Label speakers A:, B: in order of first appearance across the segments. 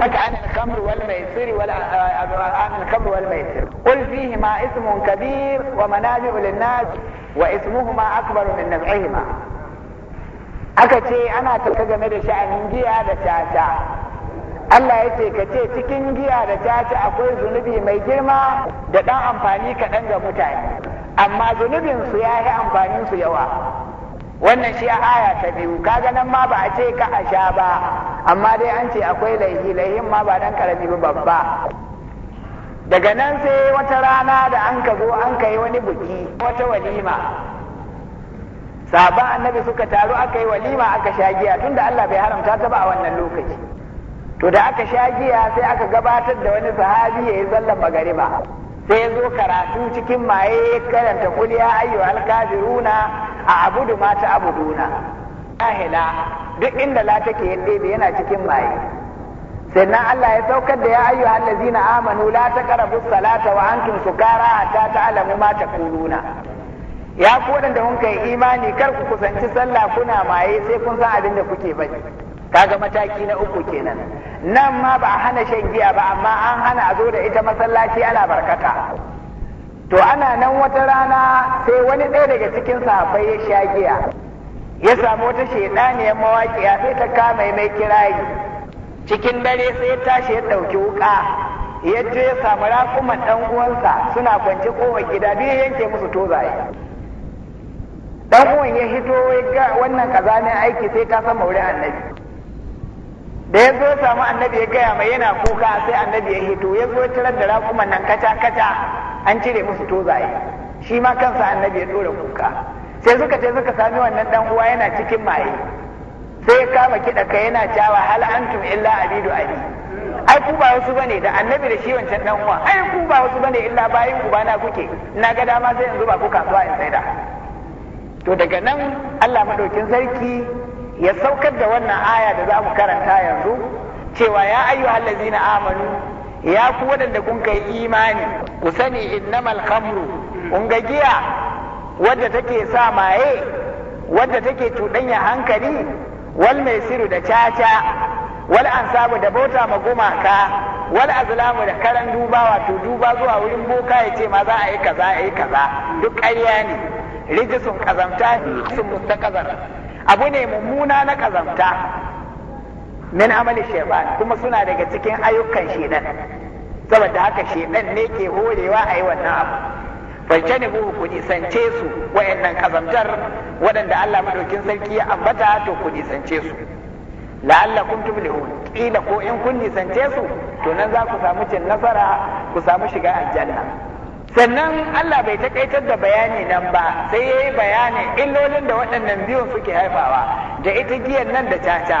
A: لك عن الخمر والميسر عن الخمر والميسر قل فيهما اسم كبير ومنافع للناس واسمهما اكبر من نفعهما aka ce ana taka game da sha'anin giya da caca Allah ya ce ka ce cikin giya da caca akwai zunubi mai girma da ɗan amfani kaɗan ga mutane amma zunubinsu ya yi amfaninsu yawa wannan shi aya ta biyu kaga nan ma ba a ce ka a sha ba amma dai an ce akwai laihi laihin ma ba dan karami ba babba daga nan sai wata rana da an ka zo an ka yi wani buki wata walima saba annabi suka taru aka yi walima aka sha giya tunda Allah bai haramta ta ba a wannan lokaci to da aka sha giya sai aka gabatar da wani sahabi ya yi zallan magariba sai yazo zo karatu cikin maye karanta kuliya ayyu alkafiruna a abudu ma ta abuduna ahila duk inda la take yalle yana cikin maye sannan Allah ya saukar da ya ayyu allazina amanu la taqrabu salata wa antum sukara hatta ta'lamu ma taquluna ya ku wadanda mun kai imani kar ku kusanci sallah kuna maye sai kun san abin da kuke bari kaga mataki na uku kenan nan ma ba a hana shan giya ba amma an hana a zo da ita masallaci ana barkata to ana nan wata rana sai wani ɗaya daga cikin sahabbai ya sha giya ya samu wata shaidaniyar mawaƙiya sai ta kama mai kirayi cikin dare sai ya tashi ya ɗauki wuƙa ya je ya samu raƙuman ɗan uwansa suna kwance kowa gida biyu yanke musu tozaye ɗan uwan ya hito ga wannan kazanin aiki sai ta san maure annabi da ya zo ya samu annabi ya gaya mai yana kuka sai annabi ya hito ya zo ya tarar da raƙuman nan kaca kaca an cire musu tozaye shi ma kansa annabi ya ɗora kuka sai suka ce suka sami wannan dan uwa yana cikin maye sai ya kama kiɗa ka yana cewa hal antum illa abidu ali ai ku ba wasu bane da annabi da shi wancan dan uwa ai ku ba wasu bane illa bayin na kuke na ga dama sai yanzu ba ku kasuwa in saida to daga nan Allah madaukin sarki ya saukar da wannan aya da za mu karanta yanzu cewa ya halazi na amanu ya ku waɗanda kun kai imani ku sani innamal khamru kun ga giya wadda take sa maye wadda take cuɗanya hankali wal mai siru da caca wal ansabu da bauta ma gumaka wal azlamu da karan duba wato duba zuwa wurin boka ya ma za a yi kaza a yi kaza duk ƙarya ne rijisun kazamta sun mustaqazar abu ne mummuna na kazamta min amali shaytan kuma suna daga cikin ayyukan shedan saboda haka shedan ne ke horewa a yi wannan abu fajjani buhu ku nisance su wayannan ƙazamtar waɗanda Allah madaukin sarki ya ambata to ku nisance su la'allakum tuflihun kila ko in kun nisance su to nan za ku samu cin nasara ku samu shiga aljanna sannan Allah bai takaitar da bayani nan ba sai ya yi bayanin illolin da waɗannan biyun suke haifawa da ita giyan nan da caca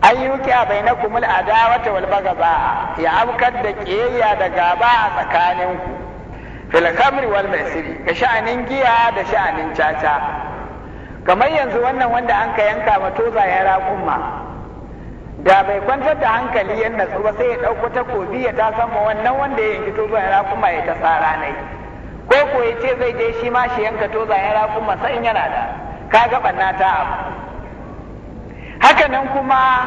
A: an yi bai na kumul wata wal bagaza ya afkar da ƙiyayya da gaba a tsakanin ku fil khamri wal maisiri ga sha'anin giya da sha'anin caca kamar yanzu wannan wanda an ka yanka ma toza ya raƙumma da bai kwantar da hankali yan natsu ba sai ya ɗauko takobi ya ta sama wannan wanda ya yanki toza ya raƙumma ya ta tsara nai ko ko ya ce zai je shi ma shi yanka toza ya raƙumma sai yana da ka ga ɓanna ta abu haka nan kuma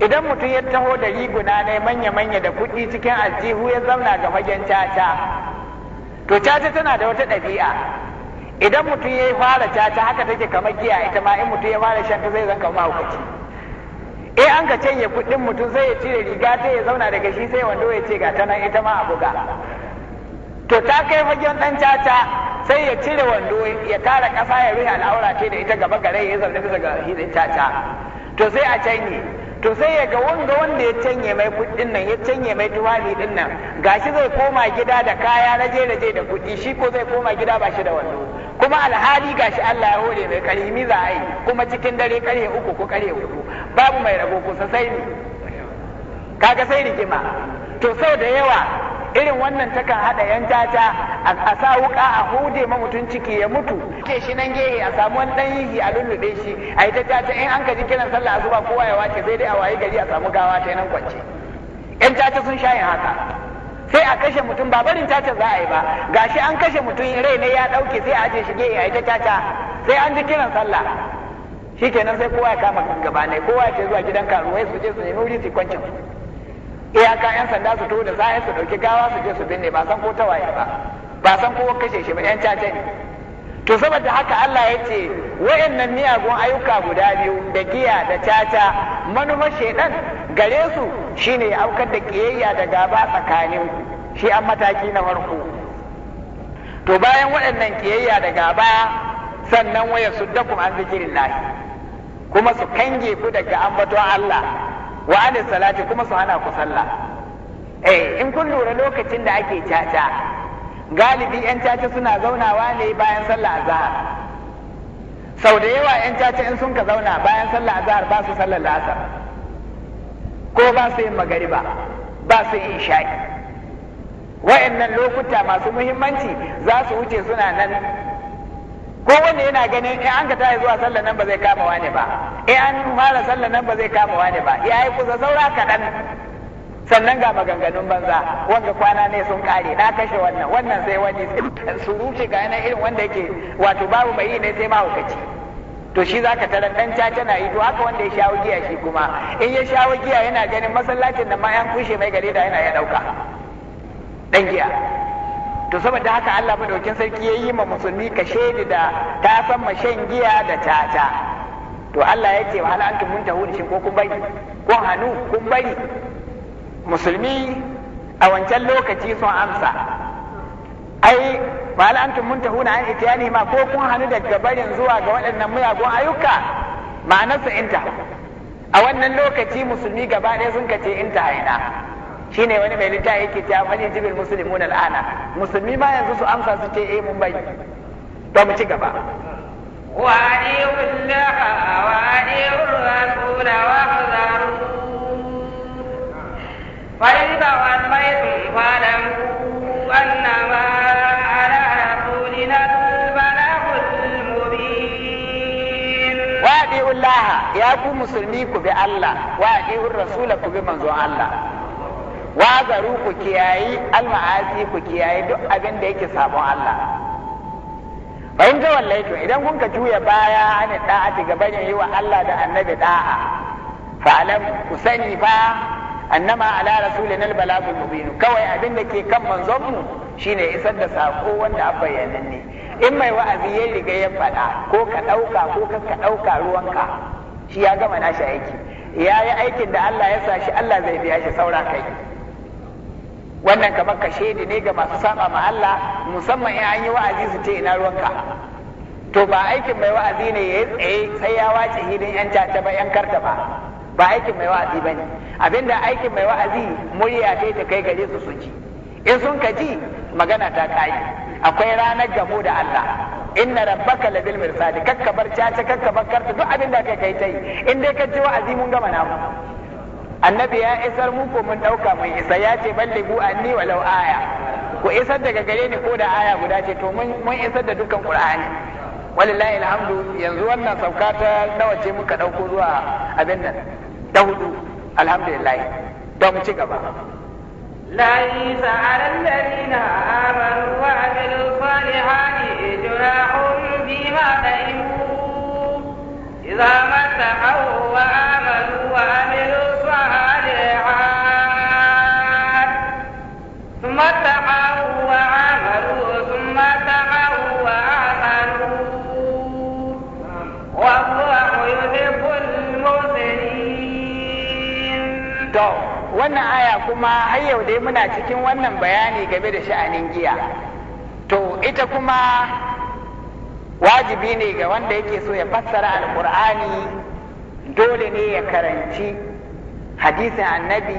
A: idan mutum ya taho da riguna ne manya-manya da kuɗi cikin aljihu ya zauna ga magen caca to caca tana da wata ɗabi'a idan mutum ya fara caca haka take kamar giya ita ma in mutum ya fara shan ta zai zan kama hukaci e eh, an ka canye kuɗin mutum sai ya cire riga ta ya zauna daga shi sai wando ya ce ga ta nan ita ma a buga to ta kai fagen dan caca sai ya cire wando ya tara kasa ya rufe al'aura ce da ita gaba gare ya zaune bisa ga hidin caca to sai a canye to sai ya ga wanga wanda ya canye mai kuɗin nan ya canye mai tuwali din nan gashi zai koma gida da kaya raje raje da kuɗi shi ko zai koma gida ba shi da wando kuma alhali gashi Allah ya hore mai karimi za a yi kuma cikin dare kare uku ko kare uku babu mai rago kusa sai ni kaga sai rigima to sau da yawa irin wannan takan haɗa yan caca a sa wuka a hude ma mutum ciki ya mutu ke shi nan gehe a samu wani ɗan yihi a lullube shi a yi ta caca in an ka ji kiran sallah a zuba kowa ya wace sai dai a wayi gari a samu gawa ta nan kwance yan caca sun sha yin haka sai a kashe mutum ba barin caca za a yi ba gashi an kashe mutum rai ne ya ɗauke sai a aje shi gehe a yi ta caca sai an ji kiran sallah shikenan sai kowa ya kama gaba ne kowa ya ce zuwa gidan karuwai su je su nemi wuri su kwance su iyaka yan sanda su to da sayan su dauki gawa su je su binne ba san ko ta waye ba ba san ko kashe shi ba yan caca ne to saboda haka Allah ya ce wa'annan miyagun ayyuka guda biyu da giya da caca manuma shedan gare su shine ya aukar da kiyayya da gaba tsakanin shi an mataki na farko to bayan waɗannan kiyayya da gaba sannan waya su dakum an zikirin kuma su kange ku daga ambaton Allah wa anis salati kuma su hana ku sallah eh in kun lura lokacin da ake caca galibi yan caca suna zaunawa ne bayan sallah azhar sau da yawa yan caca in sun ka zauna bayan sallah azhar ba su sallar la'asar ko ba su yin magariba ba su yin isha'i wa'annan lokuta masu muhimmanci za su wuce suna nan ko wanda yana ganin in an ka taya zuwa sallar nan ba zai kama wani ba in an fara sallar nan ba zai kama wani ba ya yi kusa saura kaɗan sannan ga maganganun banza wanga kwana ne sun kare na kashe wannan wannan sai wani surutu ga yana irin wanda yake wato babu mai yi ne sai mahaukaci to shi zaka taran dan caca na ido haka wanda ya shawo giya shi kuma in ya shawo giya yana ganin masallacin da ma yan kushe mai gari da yana ya dauka dan giya to saboda haka Allah madaukin sarki ya yi ma musulmi kashedi da ta san ma shan giya da tata to Allah ya ce wahala antum muntahun shin ko kun bari ko hannu kun bari musulmi a wancan lokaci sun amsa ai wahala antum muntahun an itiyani ma ko kun hannu daga barin zuwa ga waɗannan muyagun ayyuka ma'anarsa inta a wannan lokaci musulmi gaba ɗaya sun kace inta haina shine wani mai littafi yake cewa fal yajibil muslimuna al'ana musulmi ma yanzu su amsa su ce eh mun bai to mu ci gaba
B: wa aniullaha wa aniur rasula wa fazaru fa in ba fa'lamu annama ala rasulina al-balaghul mubin
A: wa aniullaha ya ku musulmi ku bi Allah wa aniur rasula ku bi manzon Allah wazaru ku kiyayi alma'asi ku kiyayi duk abin da yake sabon Allah bayan wallahi to idan kun ka juya baya ani da'ati ga bayan yi wa Allah da annabi da'a fa alam ku sani fa annama ala rasulina albalagul mubin kawai abin da ke kan manzon mu shine isar da sako wanda a ne. in mai wa'azi ya riga ya faɗa ko ka ɗauka ko ka ɗauka ruwanka shi ya gama nashi aiki ya yi aikin da Allah ya sa shi Allah zai biya shi saura kai wannan kamar ka shaidi ne ga masu saba ma Allah musamman in an yi wa'azi su ce ina ruwanka to ba aikin mai wa'azi ne ya tsaye sai ya wace hidin yan caca ba yan karta ba ba aikin mai wa'azi bane abinda aikin mai wa'azi murya kai ta kai gare su su ji in sun ka ji magana ta kai akwai ranar gamo da Allah inna rabbaka labil mirsadi kakka bar caca kakka bar karta duk abinda kai kai tai in dai ka ji wa'azi mun gama namu annabi ya isar mu ko mun dauka mun isa ya ce bu anni walau aya ku isar daga gare ni ko da aya guda ce to mun mun isar da dukkan qur'ani walillahi alhamdu yanzu wannan sauka ta nawa ce muka dauko zuwa abin nan ta hudu alhamdulillah don mu ci gaba
B: ليس على الذين آمنوا وعملوا الصالحات جناح فيما تعلموا إذا ما اتقوا وآمنوا وعملوا
A: wannan aya kuma har yau dai muna cikin wannan bayani game da sha'anin giya to ita kuma wajibi ne ga wanda yake so ya fassara alkur'ani dole ne ya karanci hadisin annabi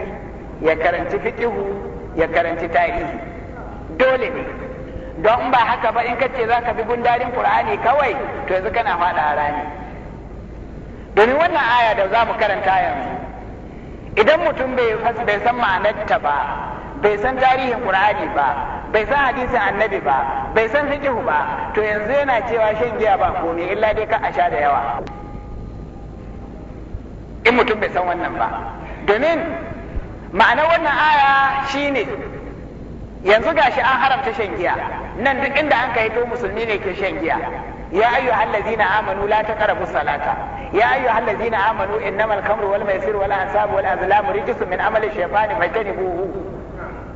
A: ya karanci fiƙihu ya karanci tarihi dole ne don ba haka ba in ka ce za ka bi gundarin qur'ani kawai to yanzu kana faɗa a rani domin wannan aya da za mu karanta yanzu idan mutum bai san ma'anarta ba bai san tarihin qur'ani ba bai san hadisin annabi ba bai san fiqhu ba to yanzu yana cewa shan giya ba komai illa dai ka a sha da yawa in mutum bai san wannan ba domin ma'anar wannan aya shine yanzu gashi an haramta shan giya nan duk inda an kai to musulmi ne ke shan giya ya ayyu allazina amanu la taqrabu salata ya ayyu allazina amanu innamal khamru wal maisir wal ansabu wal azlamu rijsun min amali shaytani fajtanibuhu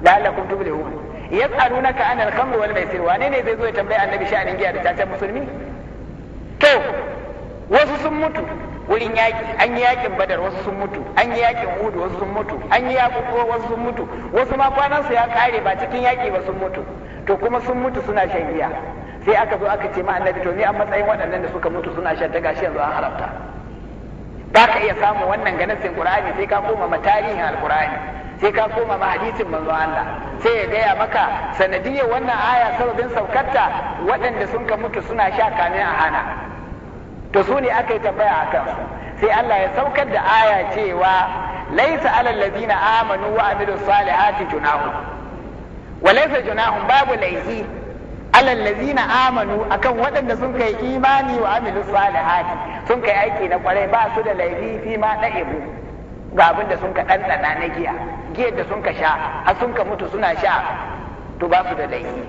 A: la'allakum tuflihun yas'alunaka anil khamri wal maisir wane ne zai zo ya tambaye annabi sha'anin giya da tatan musulmi to wasu sun mutu wurin yaƙi, an yi yaƙin badar wasu sun mutu an yi yaƙin udu wasu sun mutu an yi ko wasu sun mutu wasu ma kwanansu ya kare ba cikin yaƙi ba sun mutu to kuma sun mutu suna shan giya sai aka zo aka ce ma annabi to ni a matsayin waɗannan da suka mutu suna shan ta gashi yanzu an haramta ba ka iya samun wannan ganinsin qur'ani sai ka koma ma tarihin alqur'ani sai ka koma ma hadisin manzo Allah sai ya gaya maka sanadiyar wannan aya sababin saukarta waɗanda sun ka mutu suna sha kamin a hana to su ne aka yi tambaya a kansu sai Allah ya saukar da aya cewa laisa alal ladina amanu wa amilu salihati junahu wa laisa junahun babu laifi alal ladina amanu akan waɗanda sun kai imani wa amilu salihati sun kai aiki na kwarai ba su da laifi fi ma da ibu ga abin da sun ka ɗanɗana na giya giyar da sun ka sha har sun ka mutu suna sha to ba su da laifi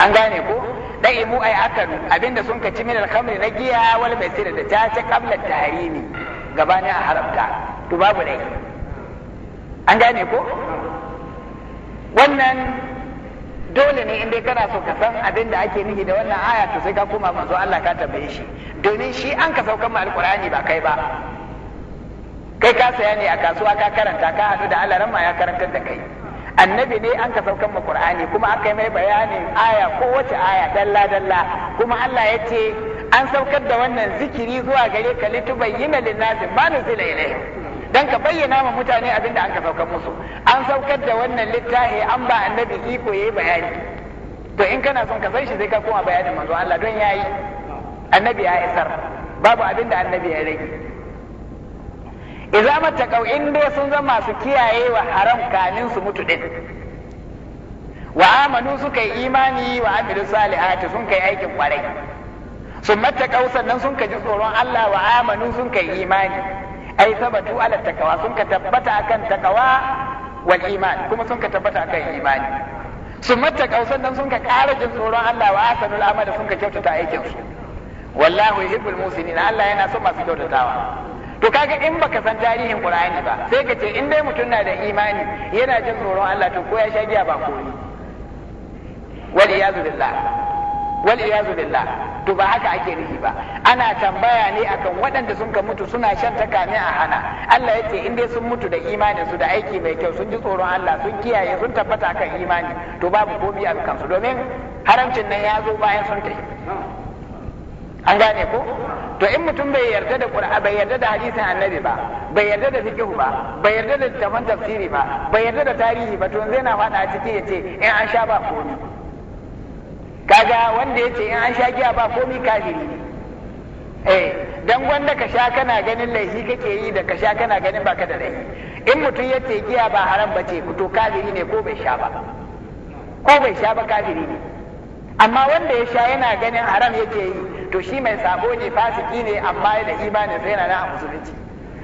A: an gane ko mu ai akan abinda sun kaci min alkhamri na giya wal maisira da ta ce qabla gaba gabanin a haramta to babu dai an gane ko wannan dole ne in dai kana so ka san abin da ake nufi da wannan aya to sai ka koma manzo Allah ka tambaye shi domin shi an ka saukan ma alqur'ani ba kai ba kai ka saya ne a kasuwa ka karanta ka haɗu da Allah ya karantar da kai annabi ne an ka saukan ma qur'ani kuma aka yi mai bayanin aya ko wace aya dalla dalla kuma Allah ya ce an saukar da wannan zikiri zuwa gare ka litubayyana lin-nasi ma nuzila ilayhim dan ka bayyana ma mutane abin da an ka saukar musu an saukar da wannan littafi an ba annabi iko yayi bayani to in kana son ka san shi sai ka koma bayanin manzo Allah don yayi annabi ya isar babu abin da annabi ya rage Iza mattaqaw in dai sun zama su kiyaye wa haram kamin su mutu din wa amanu suka yi imani wa amilu salihati sun kai aikin kwarai sun kau sannan sun kaji tsoron Allah wa amanu sun kai imani ai sabatu ala takawa sun ka tabbata akan takawa wal iman kuma sun ka tabbata akan imani sun kau sannan sun ka ƙara jin tsoron Allah wa asanul amala sun ka kyautata aikin su wallahu yuhibbul muslimin Allah yana son masu kyautatawa to kaga in baka san tarihin Qur'ani ba sai ka ce in dai mutum na da imani yana jin tsoron Allah to ko ya sha giya ba koyi wal iyazu billah wal iyazu billah to ba haka ake nufi ba ana tambaya ne akan waɗanda sun ka mutu suna shan takami a hana Allah ya ce in dai sun mutu da imani su da aiki mai kyau sun ji tsoron Allah sun kiyaye sun tabbata kan imani to babu komi a kansu domin haramcin nan ya zo bayan sun tafi an gane ko to in mutum bai yarda da qur'ani bai yarda da hadisin annabi ba bai yarda da fiqh ba bai yarda da zaman tafsiri ba bai yarda da tarihi ba to yanzu yana fada a ciki yace in an sha ba komi kaga wanda yace in an sha giya ba komi kafiri eh dan wanda ka sha kana ganin laifi kake yi da ka sha kana ganin baka da laifi in mutum yace giya ba haram ba ce, to kafiri ne ko bai sha ba ko bai sha ba kafiri ne amma wanda ya sha yana ganin haram yake yi to shi mai sabo ne fasiki ne amma da imanin sai yana na musulunci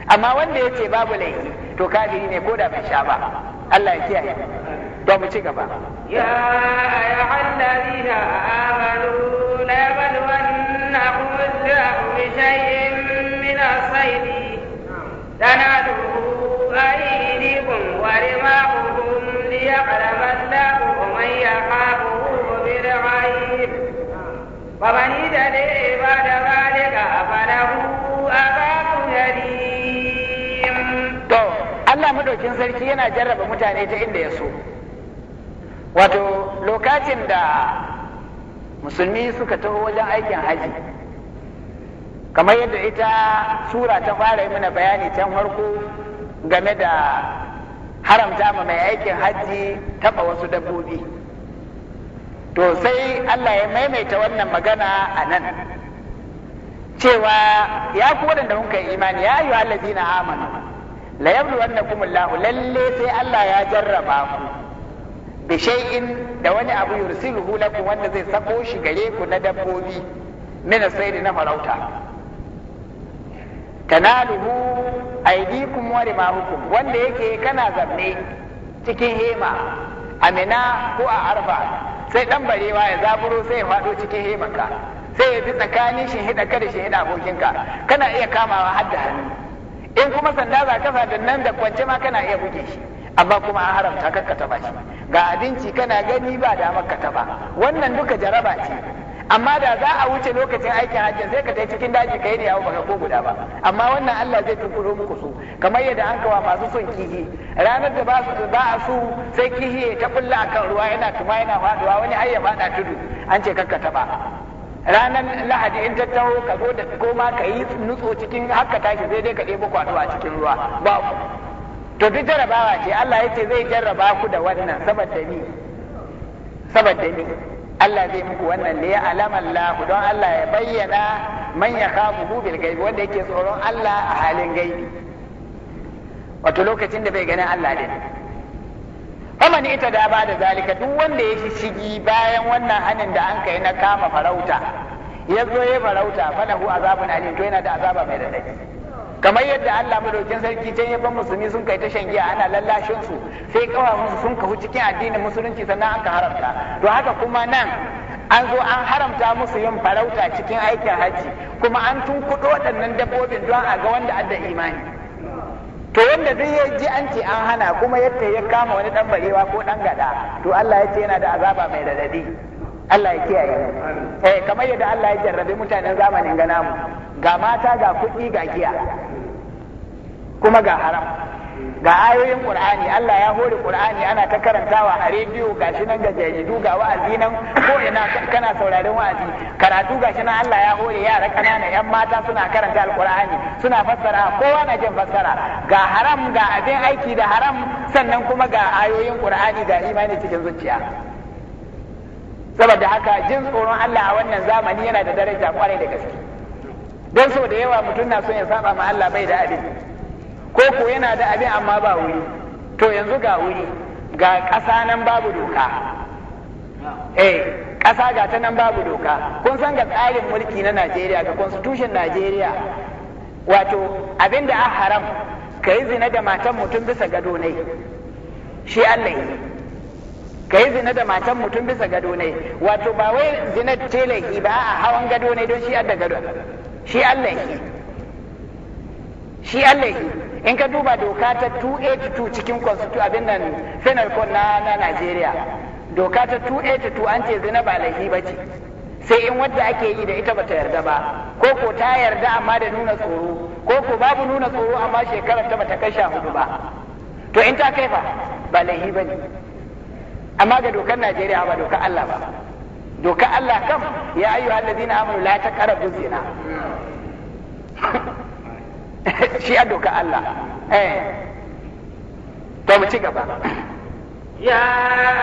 A: amma wanda ya ce babu laifi to kafiri ne ko da bai sha ba Allah ya kiyaye to mu ci
B: gaba ya ayyuhallazina amanu la yabluwanna Allahu bi shay'in min as-sayd tanaduhu aydikum wa rimahukum liya'lama Allahu man yaqabuhu bi وبني ذلك بعد ذلك فله
A: Allah كريم sarki yana jarraba mutane ta inda ya so. wato lokacin da musulmi suka taho wajen aikin haji kamar yadda ita sura ta fara yi mana bayani can farko game da haramta ma mai aikin haji taɓa wasu dabbobi to sai Allah ya maimaita wannan magana a nan cewa ya ku waɗanda kun kai imani ya ayyuhal ladina amanu la yabluwannakum Allah lalle sai Allah ya jarraba ku bi shay'in da wani abu yursiluhu lakum wanda zai sako shi gare ku na dabbobi min sayyid na farauta tanaluhu aydikum wa rimahukum wanda yake kana zanne cikin hema amina ko a arfa sai ɗan barewa ya zaburo sai ya faɗo cikin hemanka sai ya bi tsakanin shi hida kada shi hida abokinka kana iya kamawa har da hannu in kuma sanda za ka sa nan da kwance ma kana iya buge shi amma kuma an haramta kakka taba shi ga abinci kana gani ba da maka taba wannan duka jaraba ce amma da za a wuce lokacin aikin hajji sai ka tai cikin daji kai ne yawo baka ko guda ba amma wannan Allah zai tunkuro muku su kamar yadda an kawa masu son kihi ranar da ba su ba a su sai kihi ta kulla akan ruwa yana tuma yana faduwa wani ayya ya tudu an ce ka taba ranar lahadi in ta taho ka zo da koma ka yi nutso cikin haka tashi zai dai ka ɗebo kwato a cikin ruwa ku to duk jarrabawa ce Allah ya ce zai jarraba ku da wannan saboda ni saboda ni Allah zai muku wannan ne ya alama Allah don Allah ya bayyana man ya kafu bil gaibi wanda yake tsoron Allah a halin gaibi wato lokacin da bai ganin Allah din faman ita da ba da zalika duk wanda ya shigi bayan wannan hanin da an kai na kama farauta ya zo ya farauta falahu azabun alim to yana da azaba mai daɗi kamar yadda Allah madaukin sarki can ya ban musulmi sun kai ta shan giya ana lallashin su sai musu sun kahu cikin addinin musulunci sannan aka haramta to haka kuma nan an zo an haramta musu yin farauta cikin aikin hajji kuma an tunkuɗo waɗannan dabbobin don a ga wanda adda imani to wanda duk ya ji an ce an hana kuma yadda ya kama wani ɗan barewa ko ɗan gada to Allah ya ce yana da azaba mai radadi Allah ya kiyaye eh kamar yadda Allah ya jarrabe mutanen zamanin ga namu ga mata ga kuɗi ga giya kuma ga haram ga ayoyin qur'ani Allah ya hore qur'ani ana ta karantawa a rediyo gashi nan ga jaridu ga wa'azi nan ko ina kana sauraron wa'azi karatu gashi nan Allah ya hore yara kanana yan mata suna karanta alqur'ani suna fassara kowa na jin fassara ga haram ga abin aiki da haram sannan kuma ga ayoyin qur'ani ga imani cikin zuciya saboda haka jin tsoron Allah a wannan zamani yana da daraja kwarai da gaske don so da yawa mutum na son ya saba ma Allah bai da abin ko ko yana da abin amma ba wuri to yanzu ga wuri ga ƙasa nan babu doka eh ƙasa ga ta nan babu doka kun san ga tsarin mulki na Najeriya ga constitution Najeriya wato abin da a haram ka yi zina da matan mutum bisa gado ne shi Allah ne ka yi zina da matan mutum bisa gado ne wato ba wai zina telaki ba a hawan gado ne don shi da gado shi Allah shi Allah in ka duba doka ta 282 cikin constitution abin nan penal na na Najeriya doka ta 282 an ce zina ba laifi ba ce sai in wadda ake yi da ita bata yarda ba ko ko ta yarda amma da nuna tsoro ko ko babu nuna tsoro amma shekarar ta bata kai sha hudu ba to in ta kai fa ba laifi ba ne amma ga dokar Najeriya ba dokar Allah ba dokar Allah kam ya ayyu alladina amanu la taqrabu zina shi a dokar Allah eh to mu ci gaba
B: يا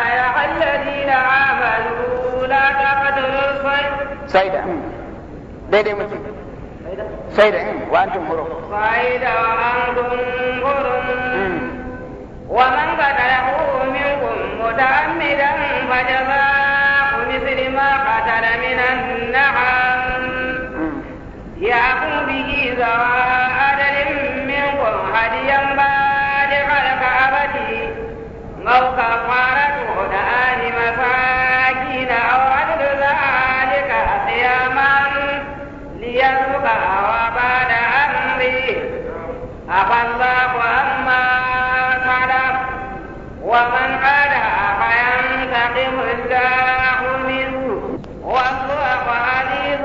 B: أيها الذين آمنوا لا تقتلوا الصيد
A: صيدا daidai muke sai da mm, wa antum hurum
B: sai da antum hurum mm. wa man qatala ko ta an bi da ni ma jaza ko misiri ma a ka tada minan da ha ya fi biki za wa a dalilin bingon haɗiyan ba ne fara sabbin mbau ka fara to da ni masaki da hausa da za a je kasi a man ni ya lura a wa ومن قد هاب ينتقم الله منه وهو عزيز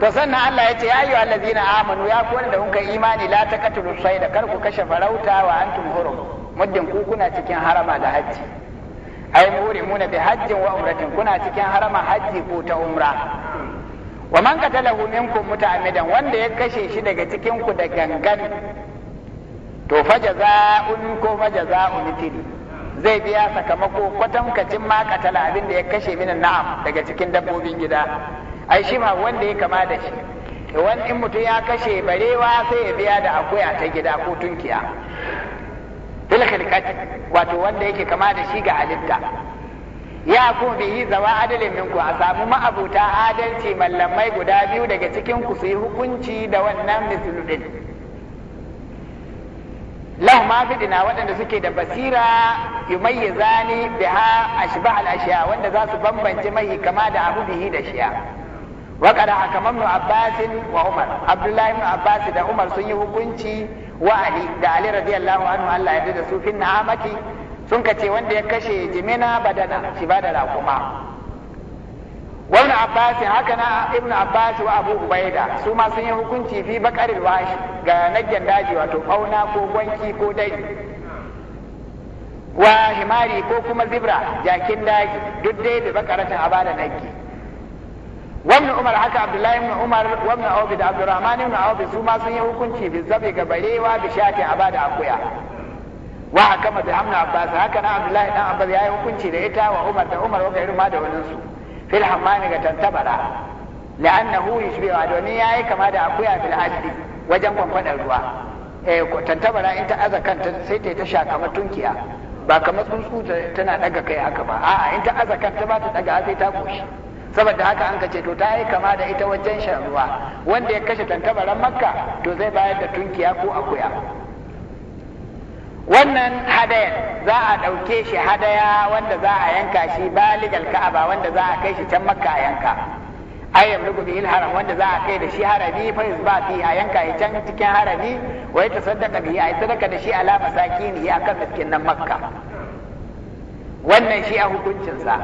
A: to sannan Allah ya ce ya yi wa Allah zina amonu ya fi wanda hunkar imani la ta katu lusai da karku kashe farauta wa an tumhuro muddin ku kuna cikin harama da hajji a yi muri muna bi hajji wa kuna cikin harama hajji ko ta umra wa man katala hunin ku mutane wanda ya kashe shi daga cikinku da gangan to fa jaza'un ko jaza'un mithli zai biya sakamako kacin ma katala abin da ya kashe minan na'am daga cikin dabbobin gida ai shi ma wanda ya kama da shi wani in mutum ya kashe barewa sai ya biya da akuya ta gida ko tunkiya fil khilqati wato wanda yake kama da shi ga halitta ya ku bihi zawa adalin minku a samu ma'abuta adalci mallamai guda biyu daga cikin ku su yi hukunci da wannan din lahu ma fi waɗanda suke da basira yumayyizani biha ashbah al ashiya wanda za su bambance mai kama da abu bihi da shiya wa qad hakama ibn abdullahi ibn abbas da umar sun yi hukunci wa da ali radiyallahu anhu Allah ya da su fi na'amati sun kace wanda ya kashe jimina badana shi ba da raƙuma wani abbas haka na ibnu abbas wa abu ubaida su ma sun yi hukunci fi bakarin washi ga nagyan daji wato fauna ko gwanki ko dai wa himari ko kuma zibra jakin daji duk dai da bakaratin abada nagge wamna umar haka abdullahi na umar wamna awbi da abdurrahman ibn awbi su ma sun yi hukunci bi zabe ga barewa bi shati abada akuya wa haka da hamna abbas haka na abdullahi dan abbas yi hukunci da ita wa umar da umar wa irin ma da wannan su fil hammami ga tantabara la'annahu yushbiha domin yayi kama da akuya fil ardi wajen kwankwadar ruwa eh tantabara in ta aza kanta sai ta ta shaka tunkiya. ba kamar tsuntsu tana daga kai haka ba a'a in ta aza kanta ba ta daga sai ta koshi saboda haka an kace to ta yi kama da ita wajen shan ruwa wanda ya kashe tantabaran makka to zai bayar da tunkiya ko akuya wannan hadayan za a ɗauke shi hadaya wanda za a yanka shi baligal ka'aba wanda za a kai shi can makka a yanka ayyam lugu bil haram wanda za a kai da shi harami fa yusba fi a yanka ya can cikin harami wa ya tasaddaqa bihi a sadaka da shi ala masakini cikin nan makka wannan shi a hukuncin sa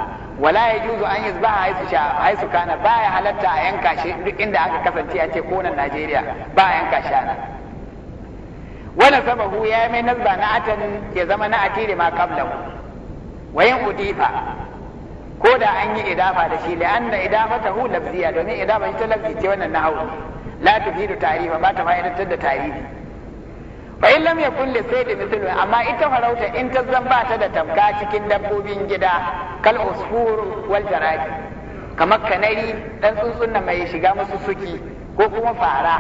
A: wala yajuzu an yusba haisu sha haisu kana baya halatta a yanka shi duk inda aka kasance a ce konan Najeriya ba a yanka shi nan wani sababu ya mai nazba na atan ya zama na atiri ma qablahu wa in udifa ko da an yi idafa da shi da anna idafatahu lafziya domin idafa shi ta lafzi ce wannan nahawu la tufidu ta'rifa ba ta fa'idatar da ta'rifi fa in lam yakun li sayd mithlu amma ita farauta in ta zan ba ta da tamka cikin dabbobin gida kal usfur wal jaradi kamar kanari dan tsuntsun mai shiga musu suki ko kuma fara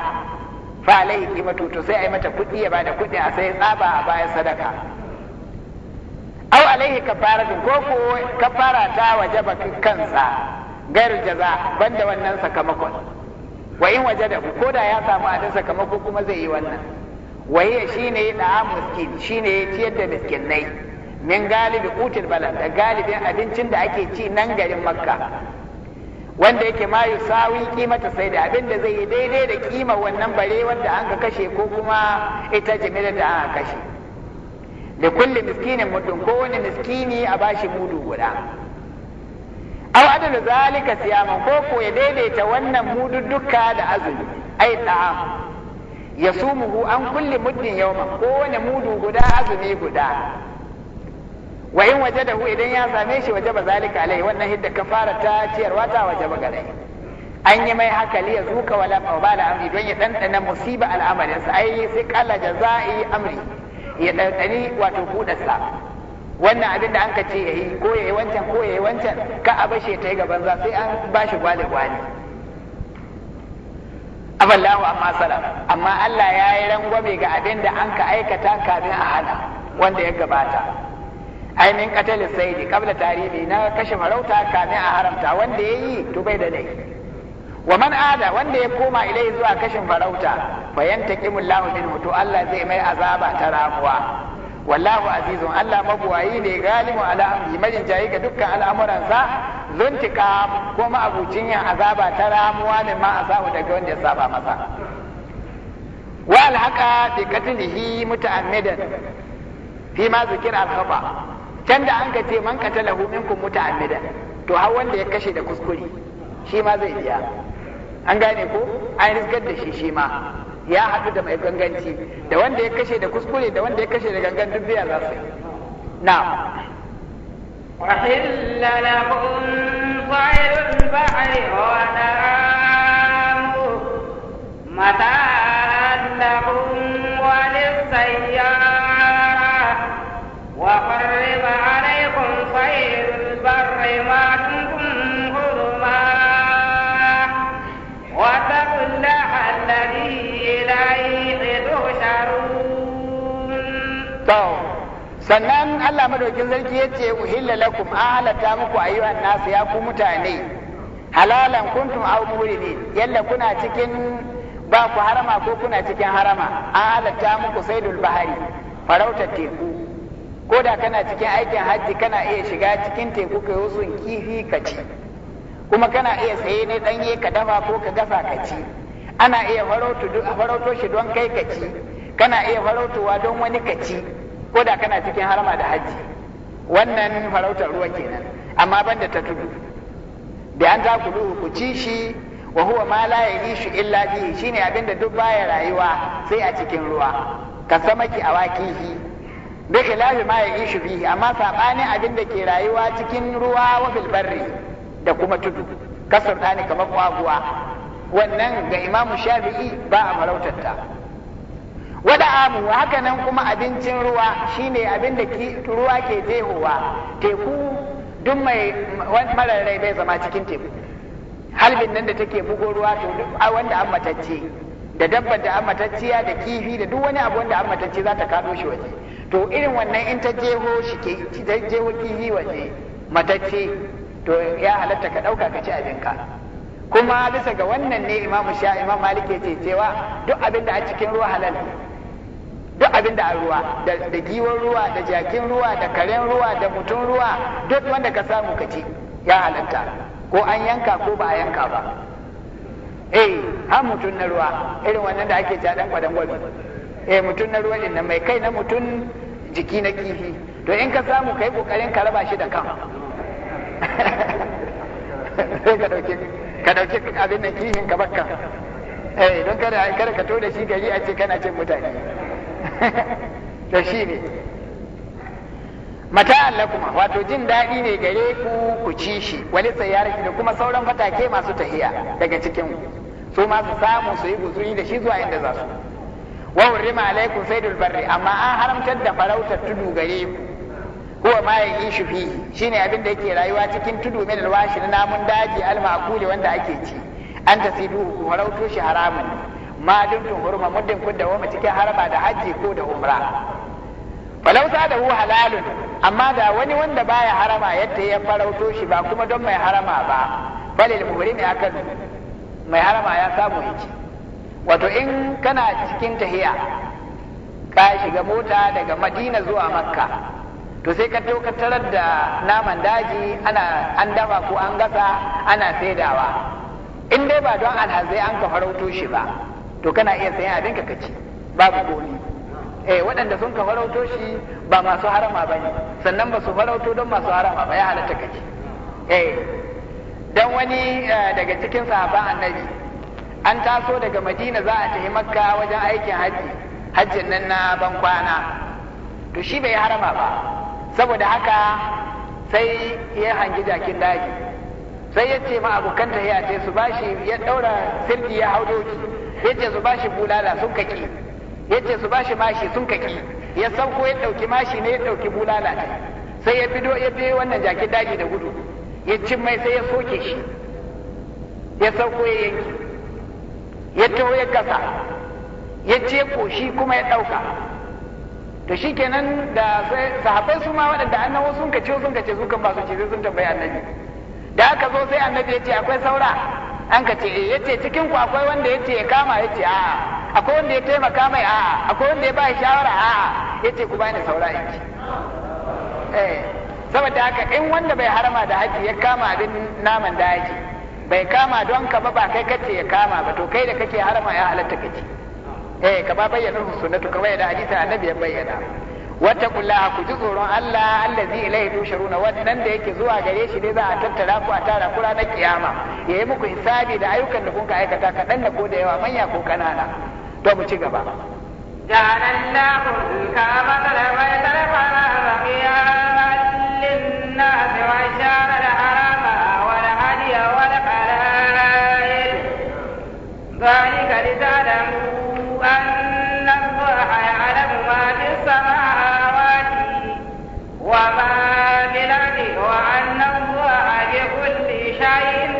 A: fa alaihi qimatu to sai ai mata kuɗi ya bada kuɗi a sai tsaba a bayan sadaka aw alaihi kafaratun ko ko kafara ta wajaba kansa gair jaza banda wannan sakamakon wa in wajada ko da ya samu a sakamako kuma zai yi wannan waye shine da muskin shine ciyar da miskinai min galibi utul balad da galibin abincin da ake ci nan garin makka wanda yake ma sawi kimata sai da abin da zai yi daidai da kima wannan bare wanda an ka kashe ko kuma ita jimilar da an kashe da kulle miskinin mutum ko wani miskini a bashi mudu guda au adalu zalika siyama ko ko ya daidaita wannan mudu duka da azumi ai ta'am ya sumuhu an kulle muddin yawma ko wani mudu guda azumi guda wa in wajadahu idan ya same shi wajaba zalika alai wannan hidda fara ta ciyarwa ta wajaba gare an yi mai hakali ya zuka wala bala amri don ya dandana musiba al'amarin sa ai sai kala jazai amri ya dandani wato kudarsa wannan abin da ka ce yayi ko yayi wancan ko yayi wancan ka a bashe ta gaban za sai an bashi gwale gwale aballahu amma salam amma Allah ya yi rangwame ga abin da ka aikata kafin a hana wanda ya gabata ai min qatal sayyidi qabla tarihi na kashe farauta kamin a haramta wanda yayi to bai da dai wa man ada wanda ya koma ilai zuwa kashin farauta bayan yantaqimu lahu min to Allah zai mai azaba ta ramuwa wallahu azizun Allah mabuwayi ne galimu ala amri majin jayi ga dukkan al'amuransa zuntika kuma abucin yin azaba ta ramuwa ne ma azabu daga wanda ya saba masa wa alhaqa bi qatlihi muta'ammidan fi ma zikir al-khata can da an ka ce man kun minkum muta'ammidan to har wanda ya kashe da kuskure shi ma zai biya an gane ko an riskar da shi shi ma ya haɗu da mai ganganci da wanda ya kashe da kuskure da wanda ya kashe da gangan duk zai za su yi
B: na وحل لكم صيد البحر ونعام متاعا لكم وحرم عليكم صيد البر ما واتقوا الله الذي تحشرون
A: sannan Allah madaukin zarki ya ce uhilla lakum an halatta muku ayyuhan nasu ya ku mutane halalan kuntum aw muridi yalla kuna cikin ba ku harama ko kuna cikin harama an halatta muku saidul bahari farautar teku ko da kana cikin aikin hajji kana iya shiga cikin teku ka yi kifi ka ci kuma kana iya saye ne ɗanye ka dafa ko ka gasa ka ci ana iya farauto shi don kai ka ci kana iya farautowa don wani ka ci ko da kana cikin harma da hajji wannan farautar ruwa kenan amma ban da ta tudu da an takulu ku ci shi wa huwa ma la yishu illa fihi shine abinda duk baya rayuwa sai a cikin ruwa ka samaki awakihi da khilafi ma ya ishu amma sabani abin da ke rayuwa cikin ruwa wa fil da kuma tudu kasar dani kamar kwaguwa wannan ga imamu shafi'i ba a marautarta wada amu haka nan kuma abincin ruwa shine abin da ruwa ke jehowa teku duk mai marar bai zama cikin teku halbin nan da take bugo ruwa to duk wanda an matacce da dabbar da an matacciya da kifi da duk wani abu wanda an matacce za ta kado shi waje to irin wannan in ta jeho shi ke ta jeho kihi waje matacce to ya halatta ka ɗauka ka ci abinka kuma bisa ga wannan ne imamu sha imam malik ya ce cewa duk abin da a cikin ruwa halal duk abin da a ruwa da giwon ruwa da jakin ruwa da karen ruwa da mutum ruwa duk wanda ka samu ka ci ya halatta ko an yanka ko ba a yanka ba eh har mutum na ruwa irin wannan da ake ci a dan kwadan gwalmi eh mutum na ruwan nan mai kai na mutum jiki na kifi to in ka samu kai kokarin ka raba shi da kan ka dauki ka abin nan kifin ka bakka eh don kada kada ka to da shi gari a ce kana cin mutane to shi ne Allah kuma wato jin daɗi ne gare ku ku ci shi wani tsayyarki da kuma sauran fatake masu tahiya daga cikin su masu samu su yi guzuri da shi zuwa inda za su wa rima alaikum sai barri amma an haramtar da farautar tudu gare ku huwa ma ya fi shine abin da yake rayuwa cikin tudu min alwashi na namun daji almaquli wanda ake ci an tasidu ku farauto shi haramun ma dumtum hurma muddin kun dawo cikin harama da hajji ko da umra falau da hu halalun amma da wani wanda baya harama yadda ya farauto shi ba kuma don mai harama ba balil muhrimi akan mai harama ya samu hiji wato in kana cikin tahiya ka shiga mota daga madina zuwa makka to sai ka ka tarar da naman daji ana an dafa ko an gasa ana saidawa in dai ba don alhazai an ka farauto shi ba to kana iya sayan abin ka kaci babu goni eh waɗanda sun ka farauto shi ba masu harama ba ne sannan ba su farauto don masu harama ba ya halatta kaci eh dan wani eh, daga cikin sahaba annabi an taso daga madina za a tafi makka wajen aikin hajji hajjin nan na ban kwana to shi bai harama ba saboda haka sai ya hangi jakin daji sai ya ce ma abokan tahiya ce su bashi ya daura sirdi ya hau doki ya ce su bashi bulala sun kaki ya ce su bashi mashi sun kaki ya sauko ya dauki mashi ne ya dauki bulala ce sai ya fido ya biyo wannan jakin daji da gudu ya cin mai sai ya soke shi ya sauko ya yanki ya taho ya gasa ya ce koshi kuma ya ɗauka to shi kenan da sahabbai su ma waɗanda annabawa sun kace sun kace su kan ba su ce sai sun tambayi annabi da aka zo sai annabi ya ce akwai saura an ka ce eh, ya ce cikin ku akwai wanda ya ce ya kama ya ce a'a akwai wanda ya taimaka mai a'a akwai wanda ya ba shawara a'a ya ce ku bani saura in ci eh. saboda haka in wanda bai harama da haji ya kama abin naman da haji bai kama don ka ba kai kace ya kama ba to kai da kake harama ya halatta kace eh ka ba bayyana sunnatu ka bayyana hadisi annabi ya bayyana wattaqullaha ku ji tsoron Allah allazi ilaihi tusharuna wannan da yake zuwa gare shi ne za a tattara ku a tara ku ranar kiyama yayi muku hisabi da ayyukan da kun ka aikata kaɗan da ko da yawa manya ko kanana to mu ci gaba
B: جعل الله الكعبة البيت الحرام قياما للناس الحرام ذلك لتعلموا أن الله يعلم ما في السماوات وما في الأرض وأن الله بكل شيء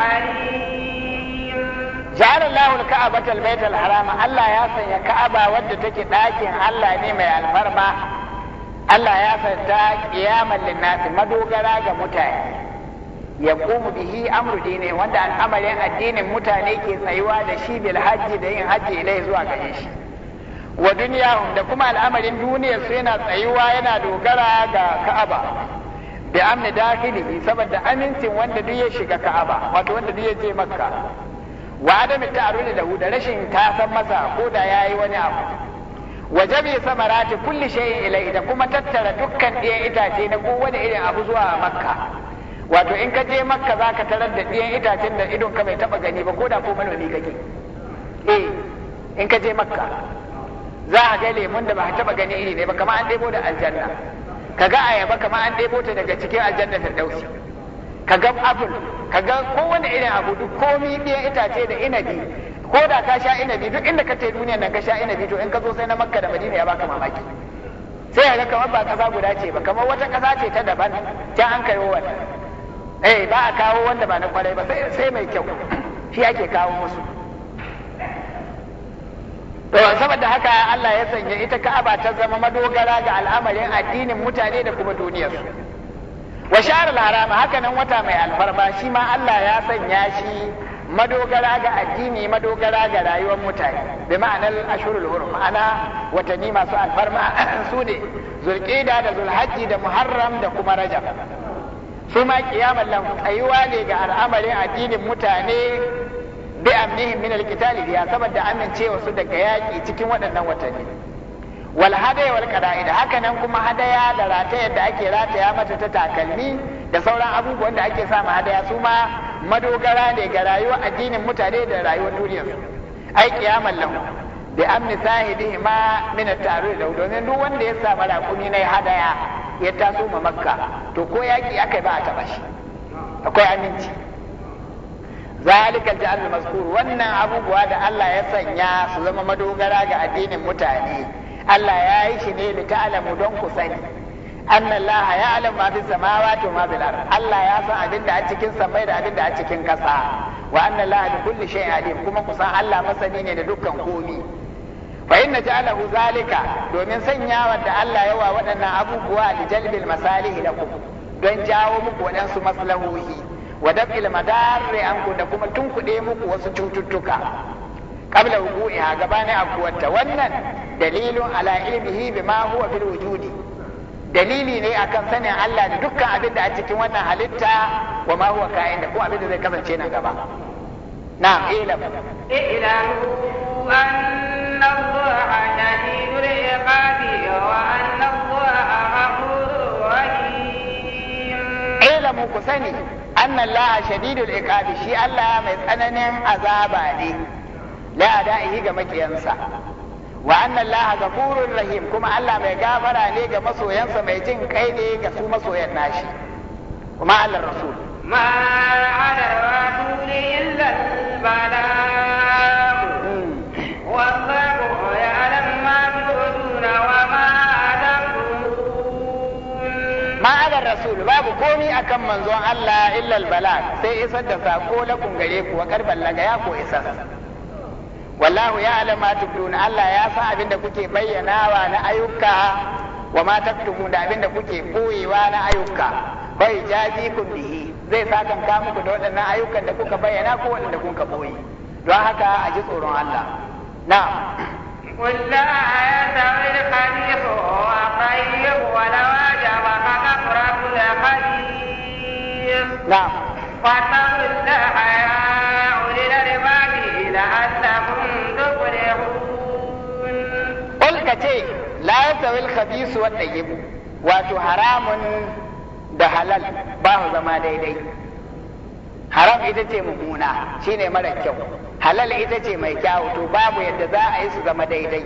B: عليم جعل الله
A: الكعبة البيت الحرام الله يا سن يا كعبة ودتك لكن الله نيمة الفرما Allah ya sanya ta kiyamar linnasi madogara ga mutane ya kuma bihi amru dine wanda al'amarin addinin mutane ke tsayuwa da shi bil hajji da yin hajji ilai zuwa gare shi wa duniya da kuma al'amarin duniya su yana tsayuwa yana dogara ga ka'aba bi amni dakili saboda amincin wanda duk ya shiga ka'aba wato wanda duk ya je makka wa adam ta'arudi da da rashin kasan masa ko da yayi wani abu wa jabi samarati kulli shay'in ilai da kuma tattara dukkan iya itace na kowane irin abu zuwa makka wato in ka je makka za ka tarar da ɗiyan itacen da idon ka bai taɓa gani ba ko da ko manomi kake eh in ka je makka za a ga lemun da ba a taɓa gani iri ne ba kama an ɗebo da aljanna ka ga ayaba kama an ɗebo ta daga cikin aljanna dausi ka ga apple ka ga kowane irin abu duk komi ɗiyan itace da inabi ko da ka sha inabi duk inda ka ce duniyan nan ka sha inabi to in ka zo sai na makka da madina ya baka mamaki sai ya ga kamar ba kasa guda ce ba kamar wata kasa ce ta daban ta an kai wannan eh ba a kawo wanda ba na kwarai ba sai mai kyau shi ake kawo musu to saboda haka Allah ya sanya ita Ka'aba ta zama madogara ga al'amarin addinin mutane da kuma duniyarsu wa sharar harama haka nan wata mai alfarma shi ma Allah ya sanya shi madogara ga addini madogara ga rayuwar mutane bi ma'anar ashurul hurum ma'ana watanni masu alfarma su ne zulqida da zulhajji da muharram da kuma rajab su ma kiyamar lahum tsayuwa ne ga al'amarin addinin mutane bi amnihim min alqital ya saboda amincewa su daga yaki cikin waɗannan watanni wal hadaya wal qada'id haka nan kuma hadaya da rataya da ake rataya mata ta takalmi da sauran abubuwan da ake sama hadaya su ma madogara ne ga rayuwar addinin mutane da rayuwar duniyar ai kiyamar lahum bi amni ma min at-ta'arud domin duk wanda ya samu raƙumi na hadaya ya taso ma makka to ko yaƙi aka yi ba a taɓa shi akwai aminci zalikal ja'al mazkur wannan abubuwa da Allah ya sanya su zama madogara ga addinin mutane Allah ya yi shi ne li ta'lamu don ku sani anna Allah ya'lamu ma fis samawati wa ma fil Allah ya san abin da a cikin samai da abin da a cikin ƙasa wa anna Allah bi kulli shay'in alim kuma ku san Allah masani ne da dukkan komai. fa inna ja'alahu zalika domin sanyawa da Allah yawa waɗannan abubuwa li jalbil masalihi lakum don jawo muku waɗansu maslahohi wa dab'il madarri anku da kuma tunkuɗe muku wasu cututtuka qabla wuqu'iha gabanin afkuwarta wannan dalilun ala ilmihi bima huwa bil wujudi dalili ne akan sanin Allah da dukkan abin da a cikin wannan halitta wa ma huwa ka'in da ko abin da zai kasance nan gaba na'am
B: ilamu ilamu
A: mu ku sani, annan la'a shadidul iqabi shi Allah mai tsananin azaba ne, la da'ihi ga makiyansa. Wa annan la'a gafurun rahim kuma Allah mai gafara ne ga masoyansa mai jin kai ne ga su masoyan nashi. Kuma Allah Rasul.
B: Ma ala rasuli illa al-bala.
A: babu komi akan manzon Allah illal bala sai isar da sako na gare ku wa karban lagaya ko isar wallahu ya alama tukuna Allah ya san abin da kuke bayyanawa na ayyuka wa ma taktubu da abin da kuke koyewa na ayyuka bai jazi kun bihi zai sakan ka muku da waɗannan ayyukan da kuka bayyana ko waɗanda kuka boye don haka a ji tsoron Allah na'am La ya tsawil khabisu wadda yibu, wato haramun da halal ba zama daidai. Haram ita ce mummuna, shine mara kyau. halal ita ce mai kyawu to babu yadda za a yi su zama daidai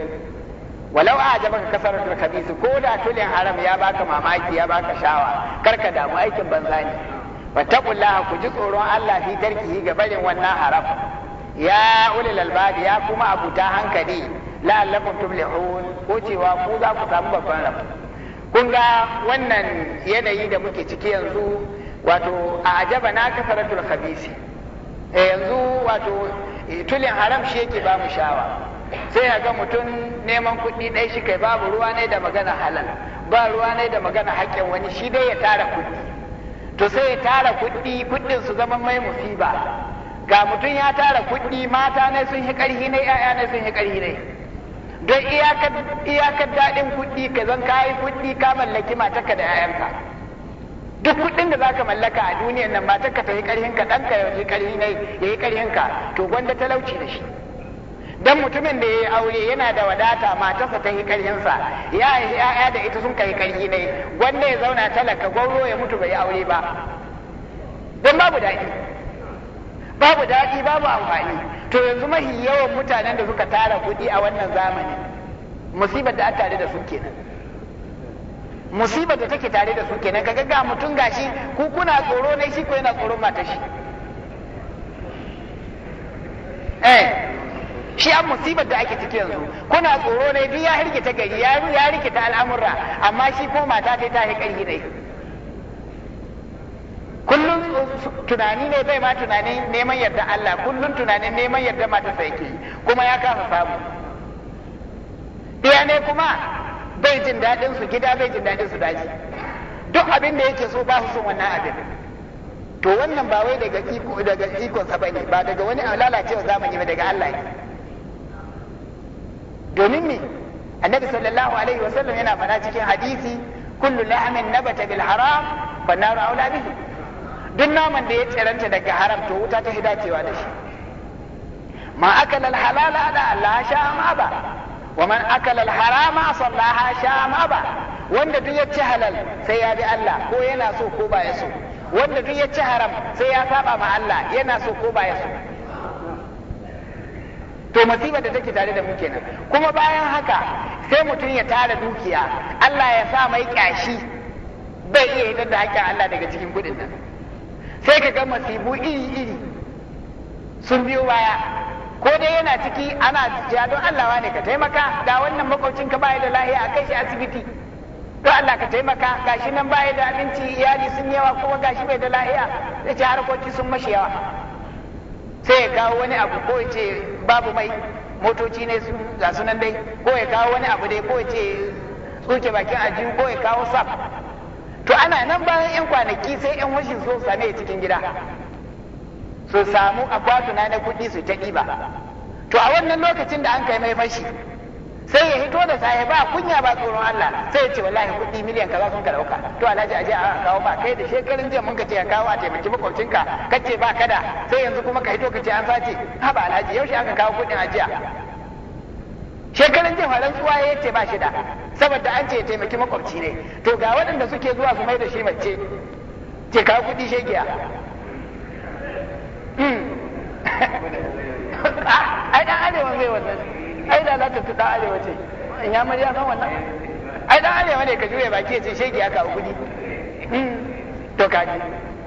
A: walau a jaba kasar kabisu ko da tulin haram ya baka mamaki ya baka shawa karka damu aikin banza ne wattaqullaha ku ji tsoron Allah fi tarkihi ga barin wannan haram ya ulil albab ya kuma abuta hankali la'allakum tuflihun ko cewa ku za ku samu babban rabu kun ga wannan yanayi da muke ciki yanzu wato a ajaba na kasaratul khabisi eh, yanzu wato Eh, tulin haram shi yake ba mu shawa sai ga mutum neman kuɗi ɗai shi kai babu ruwa ne da magana halal ba ruwa ne da magana haƙƙin wani shi dai ya tara kuɗi to sai ya tara kuɗi kuɗin su zama mai musiba ga mutum ya tara kuɗi mata ne sun yi ƙarhi ne ƴaƴa ne sun yi ƙarhi ne don iyakar daɗin kuɗi ka zan kayi kuɗi ka mallaki matarka da ƴaƴanka. duk kuɗin da zaka mallaka a duniyar nan matar ka ta yi ƙarhin ka ɗan ka yi ƙarhi ne ya yi ƙarhin ka to gwanda talauci da shi dan mutumin da ya yi aure yana da wadata matarsa ta yi ƙarhin sa ya yi ya'ya da ita sun kai ƙarhi ne gwanda ya zauna talaka gwauro ya mutu bai aure ba don babu daɗi babu daɗi babu amfani to yanzu mahi yawan mutanen da suka tara kuɗi a wannan zamani musibar da aka tare da su kenan musibar da take tare da su kenan ka ga mutum gashi ku kuna tsoro ne shi ko yana tsoron mata shi eh shi an musibar da ake ciki yanzu kuna tsoro ne duk ya rikita gari ya ya rikita al'amura amma shi ko mata ta ta hikarhi ne kullum tunani ne bai ma tunanin neman yarda Allah kullum tunanin neman yarda mata sai kuma ya kafa samu iya ne kuma bai jin daɗin su gida bai jin daɗin su daji duk abin da yake so ba su son wannan abin to wannan ba wai daga iko daga iko sa bane ba daga wani lalacewa zamani ba daga Allah ne domin me annabi sallallahu alaihi wasallam yana faɗa cikin hadisi kullu la'amin nabata bil haram fa naru aula bihi duk naman da ya tsiranta daga haram to wuta ta hidacewa da shi ma akala al halala ala Allah sha ma ba wa man akala al-harama sallaha shamaba wanda duk ya ci halal sai ya bi Allah ko yana so ko ba ya so wanda duk ya ci haram sai ya saba ma Allah yana so ko ba ya so to masibar da take tare da mu kenan kuma bayan haka sai mutum ya tara dukiya Allah ya sa mai kyashi bai iya hitar da hakkin Allah daga cikin kudin nan sai ka ga masibu iri iri sun biyo baya ko dai yana ciki ana ya don Allah ne ka taimaka ga wannan makwabcin ka baya da lahiya a kai shi asibiti Don Allah ka taimaka gashi nan baya da abinci iyali sun yawa kuma gashi bai da lahiya ya ce harkoki sun mashi yawa sai ya kawo wani abu ko ya ce babu mai motoci ne su ga sunan dai ko ya kawo wani abu dai ko ya ce tsuke bakin ajiyu ko ya kawo sap to ana nan bayan yan kwanaki sai yan washin so same cikin gida su samu akwatuna na kuɗi su ta ɗiba to a wannan lokacin da an kai mai fashi sai ya hito da sahi ba kunya ba tsoron Allah sai ya ce wallahi kuɗi miliyan kaza sun ka to alhaji aje a kawo ba kai da shekarun jiya mun ka ce ka kawo a taimaki makwabcinka ce ba kada sai yanzu kuma ka hito ka ce an sace ha ba alhaji yaushe aka kawo kuɗin ajiya shekarun jiya faran tsuwa ya ce ba shi da? saboda an ce ya taimaki makwabci ne to ga waɗanda suke zuwa su mai da shi mace ce kawo kuɗi shegiya ai dan arewa zai wannan ai da za ta dan arewa ce in ya murya san wannan ai dan arewa ne ka juya baki ya ce shege aka kudi to kaji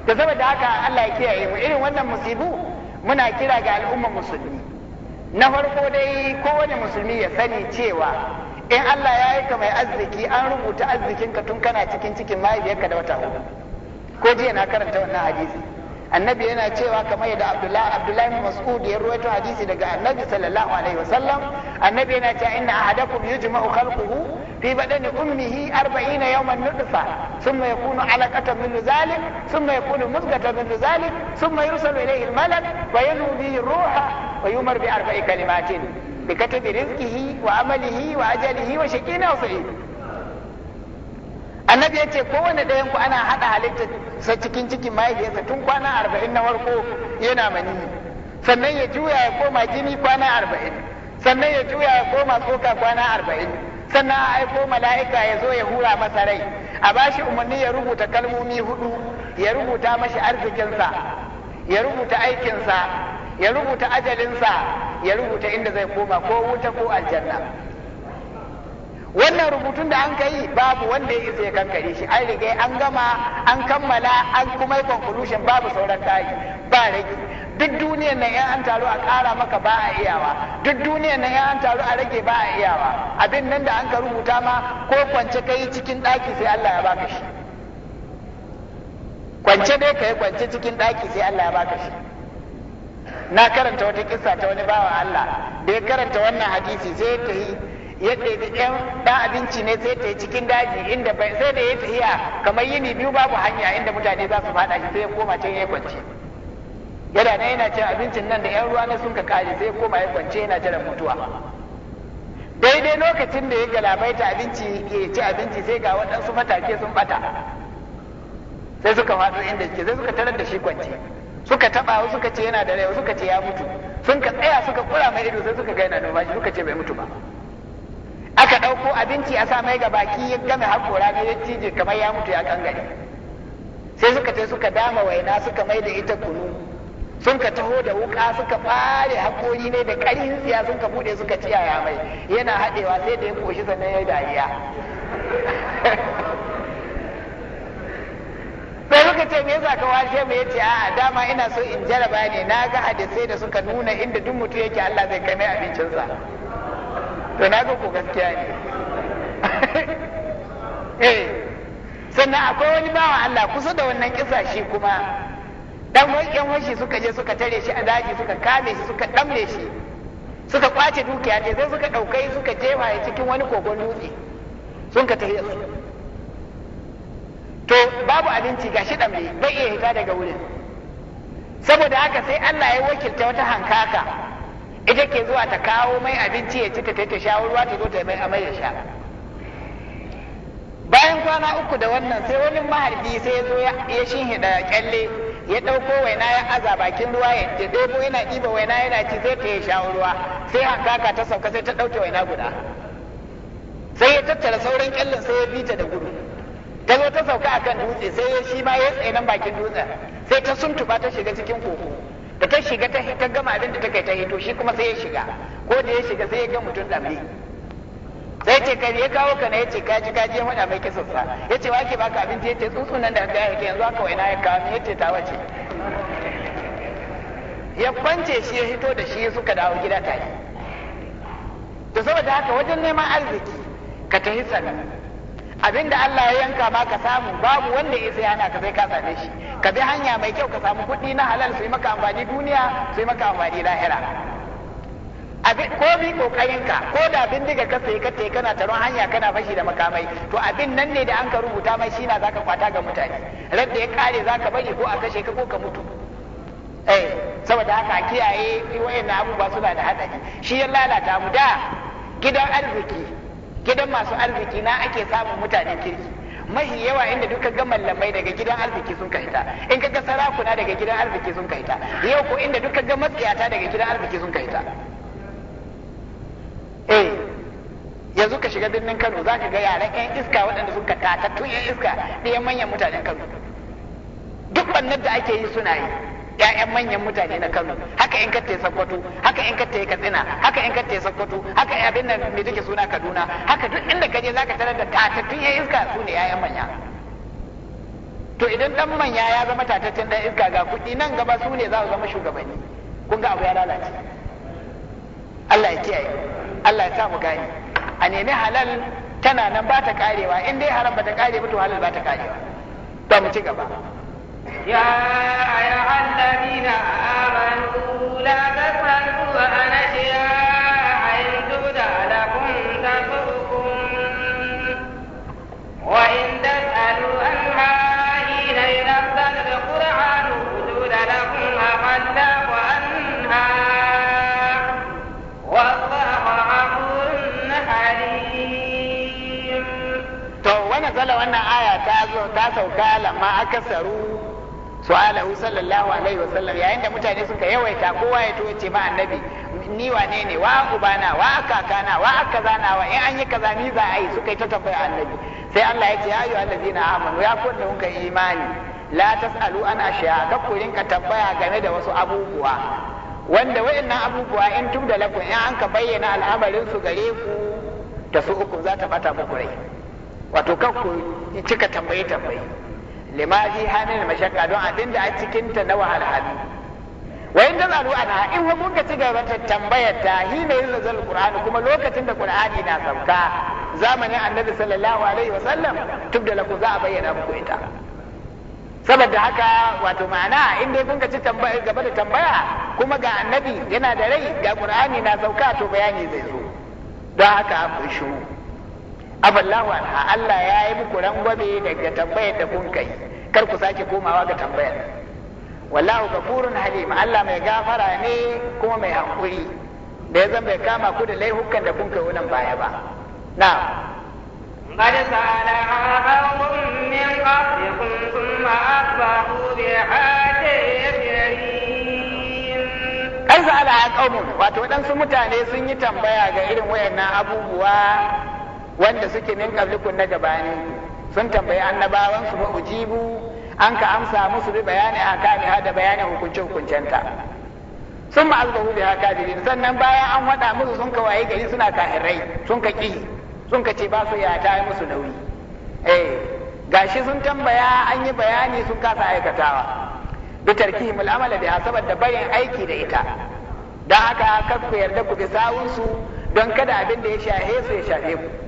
A: da saboda haka Allah ya kiyaye mu irin wannan musibu muna kira ga al'ummar musulmi na farko dai kowane musulmi ya sani cewa in Allah ya yi ka mai arziki an rubuta arzikinka tun kana cikin cikin mahaifiyarka da wata hudu ko jiya na karanta wannan hadisi annabi yana cewa kamar yadda abdullahi abdullahi mas'ud ya ruwaito hadisi daga annabi sallallahu alaihi wasallam annabi yana cewa inna ahadakum yujma'u khalquhu fi badani ummihi 40 yawman nutfa thumma yakunu 'alaqatan min dhalik thumma yakunu muzgatan min dhalik thumma yursalu ilayhi al-malak wa yanhu bihi ruha wa yumar bi arba'i kalimatin bi katbi rizqihi wa amalihi wa ajalihi wa shaqina wa sa'id annabi ya ce kowane ɗayan ku ana haɗa halitta sa cikin cikin mahaifiyarsa tun kwana arba'in na farko yana mani sannan ya juya ya koma gini kwana arba'in sannan ya juya ya koma tsoka kwana arba'in sannan a aiko mala'ika ya zo ya hura masa rai a bashi umarni ya rubuta kalmomi hudu ya rubuta mashi arzikinsa ya rubuta aikinsa ya rubuta ajalinsa ya rubuta inda zai koma ko wuta ko aljanna wannan rubutun da an kai babu wanda ya isa ya kankare shi an riga an gama an kammala an kuma yi conclusion babu sauran tayi ba rage duk duniyar nan yan an taru a ƙara maka ba a iyawa duk duniyar nan yan an taru a rage ba a iyawa abin nan da an ka rubuta ma ko kwance kai cikin ɗaki sai Allah ya baka shi kwance dai kai kwance cikin daki sai Allah ya baka shi na karanta wata kissa ta wani bawa Allah da ya karanta wannan hadisi sai ta yi ya ɗebi ɗan ɗan abinci ne sai ta yi cikin daji inda bai sai da ya tafiya kamar yini biyu babu hanya inda mutane za su faɗa shi sai ya koma can ya kwance yana nan yana cin abincin nan da 'yan ruwa na sun ka kare sai ya koma ya kwance yana jiran mutuwa daidai lokacin da ya galabaita abinci ya ci abinci sai ga waɗansu matake sun ɓata sai suka faɗo inda ke sai suka tarar da shi kwance suka taɓa suka ce yana da rai suka ce ya mutu sun ka tsaya suka kura mai ido sai suka ga yana numfashi suka ce bai mutu ba aka ɗauko abinci a sa mai ga baki ya game haƙora na ya cije kamar ya mutu ya gari, sai suka ce suka dama waina suka mai da ita kunu sun ka taho da wuka suka fare haƙori ne da ƙarfin siya sun ka buɗe suka ciyaya mai yana haɗewa sai da ya koshi sannan ya dariya sai suka ce me yasa ka washe mu yace a'a dama ina so in jaraba ne na ga hadisai da suka nuna inda duk mutum yake Allah zai kai mai abincinsa to na ga ko gaskiya ne eh sannan akwai wani bawa Allah kusa da wannan kisa shi kuma dan wakin washi suka je suka tare shi a daji suka kame shi suka damle shi suka kwace dukiya ne sai suka daukai suka jefa ya cikin wani kogon dutse sun ka tare su. to babu abinci gashi damle bai iya hita daga wurin saboda haka sai Allah ya wakilta wata hankaka ita ke zuwa ta kawo mai abinci ya ci ta ta sha ruwa ta zo ta mai amai ya sha bayan kwana uku da wannan sai wani maharbi sai ya zo ya shinhida kyalle ya ɗauko waina ya aza bakin ruwa ya ɗebo yana ɗiba waina yana ci sai ta ya sha ruwa sai hankaka ta sauka sai ta ɗauke waina guda sai ya tattara sauran kyallin sai ya bi ta da gudu ta zo ta sauka akan dutse sai ya shi ma ya tsaye nan bakin dutsen sai ta suntuba ta shiga cikin koko da ta shiga ta ta gama abin da take ta hito shi kuma sai ya shiga ko da ya shiga sai ya ga mutum dambe sai ce kai ya kawo kana ya ce kaji kaji ya wada mai kisassa ya ce wake baka abinci ya ce tsutsun nan da ga yake yanzu aka waina ya kawo ya ce ta wace ya kwance shi ya hito da shi suka dawo gida tare to saboda haka wajen neman arziki ka tahi sanar Abin da Allah ya yanka ba ka samu babu wanda ya sai hana ka sai ka same shi ka bi hanya mai kyau ka samu kuɗi na halal sai maka amfani duniya sai maka amfani lahira abin ko bi kokarin ka ko da bindiga ka sai ka tai kana taron hanya kana fashi da makamai to abin nan ne da an ka rubuta mai shi na zaka kwata ga mutane ran da ya kare zaka bari ko a kashe ka ko ka mutu eh saboda haka kiyaye wayannan abubuwa suna da hadari shi ya lalata mu da gidan arziki gidan masu arziki na ake samun mutanen kirki mahi yawa inda duka ga mallamai daga gidan arziki sun ka hita in kaga sarakuna daga gidan arziki sun ka hita yau ko inda duka ga matsiyata daga gidan arziki sun ka hita eh yanzu ka shiga birnin Kano zaka ga yaran yan iska waɗanda suka tun yan iska ɗayan manyan mutanen Kano duk wannan da ake yi suna yi Ya'yan manyan mutane na Kano haka in ka tayi Sokoto haka in ka tayi Katsina haka in ka tayi Sokoto haka abin nan me take suna Kaduna haka duk inda ka je zaka tarar da tatattun yayin iska su ne ya'yan manya to idan dan manya ya zama tatattun dan iska ga kuɗi nan gaba su ne za su zama shugabanni kun ga abu ya lalace Allah ya kiyaye Allah ya sa mu gani a nemi halal tana nan ba ta karewa in dai haram ba ta kare ba to halal ba ta karewa to mu ci gaba
B: يا أيها الذين آمنوا لا تسألوا عن أشياء إن تبدى لكم تسؤكم وإن تسألوا عنها حين ينزل القرآن وجود لكم أخلاق والله
A: nazala wannan aya آية zo ta sauka lamma akasaru su'alahu sallallahu alaihi wasallam yayin da mutane suka yawaita kowa ya toce ma annabi ni wane ne wa ubana wa kakana wa na wa in an yi kaza ni za a yi suka yi ta tambaya annabi sai Allah ya ce ya ayyuhal ladina amanu ya kunna kuka imani la tasalu an ashiya ka ku rinka tambaya game da wasu abubuwa wanda wayannan abubuwa in da lakun in an ka bayyana al'amarin su gare ku ta su uku za ta bata muku rai wato kan ku cika tambaye tambaye lima fi hamin mashakka don abin da a cikin ta na wahalhalu wa in tazalu anha in wa mun ci gaba ta tambayar ta hina yanzal qur'ani kuma lokacin da qur'ani na sauka zamanin annabi sallallahu alaihi wasallam tubda lakum za a bayyana muku ita saboda haka wato ma'ana in dai kun ci gaba da tambaya kuma ga annabi yana da rai ga qur'ani na sauka to bayani zai zo don haka an shuru aballahu anha Allah ya yi muku rangwame daga tambayar da kun kai kar ku sake komawa ga tambayar wallahu gafurun halim Allah mai gafara ne kuma mai hankuri da ya zan bai kama ku da laihukan da kun kai wannan baya ba
B: na قد سألها قوم من قبلكم ثم أصبحوا بحاجهم
A: An sa'ala a wato waɗansu mutane sun yi tambaya ga irin wayannan abubuwa wanda suke min qablikum na gabani, sun tambayi annabawan su ba ujibu an ka amsa musu bi bayani a akami hada bayanin hukunce hukuncenta sun ma azbahu biha kafirin sannan bayan an wada musu sun ka waye gari suna kahirai sun ka kihi sun ka ce ba su ya ta musu nauyi eh gashi sun tambaya an yi bayani sun kasa aikatawa bi amala bi hasabat saboda barin aiki da ita dan haka yarda ku bi su don kada abin da ya shahe su ya
B: shafe ku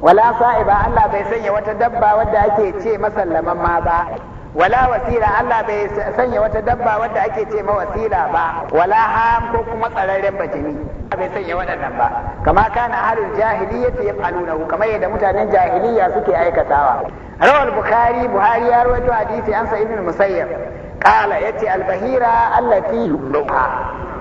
A: wala sa'iba Allah bai sanya wata dabba wadda ake ce masallaman ma ba wala wasila Allah bai sanya wata dabba wadda ake ce mawasila ba wala ham ko kuma tsararren bajini bai sanya waɗannan ba kama kana halin jahiliyyati yaf'alunahu kamar yadda mutanen jahiliya suke aikatawa rawal bukhari buhari ya rawaito hadisi an sa'id ibn musayyab qala yace al-bahira allati yuha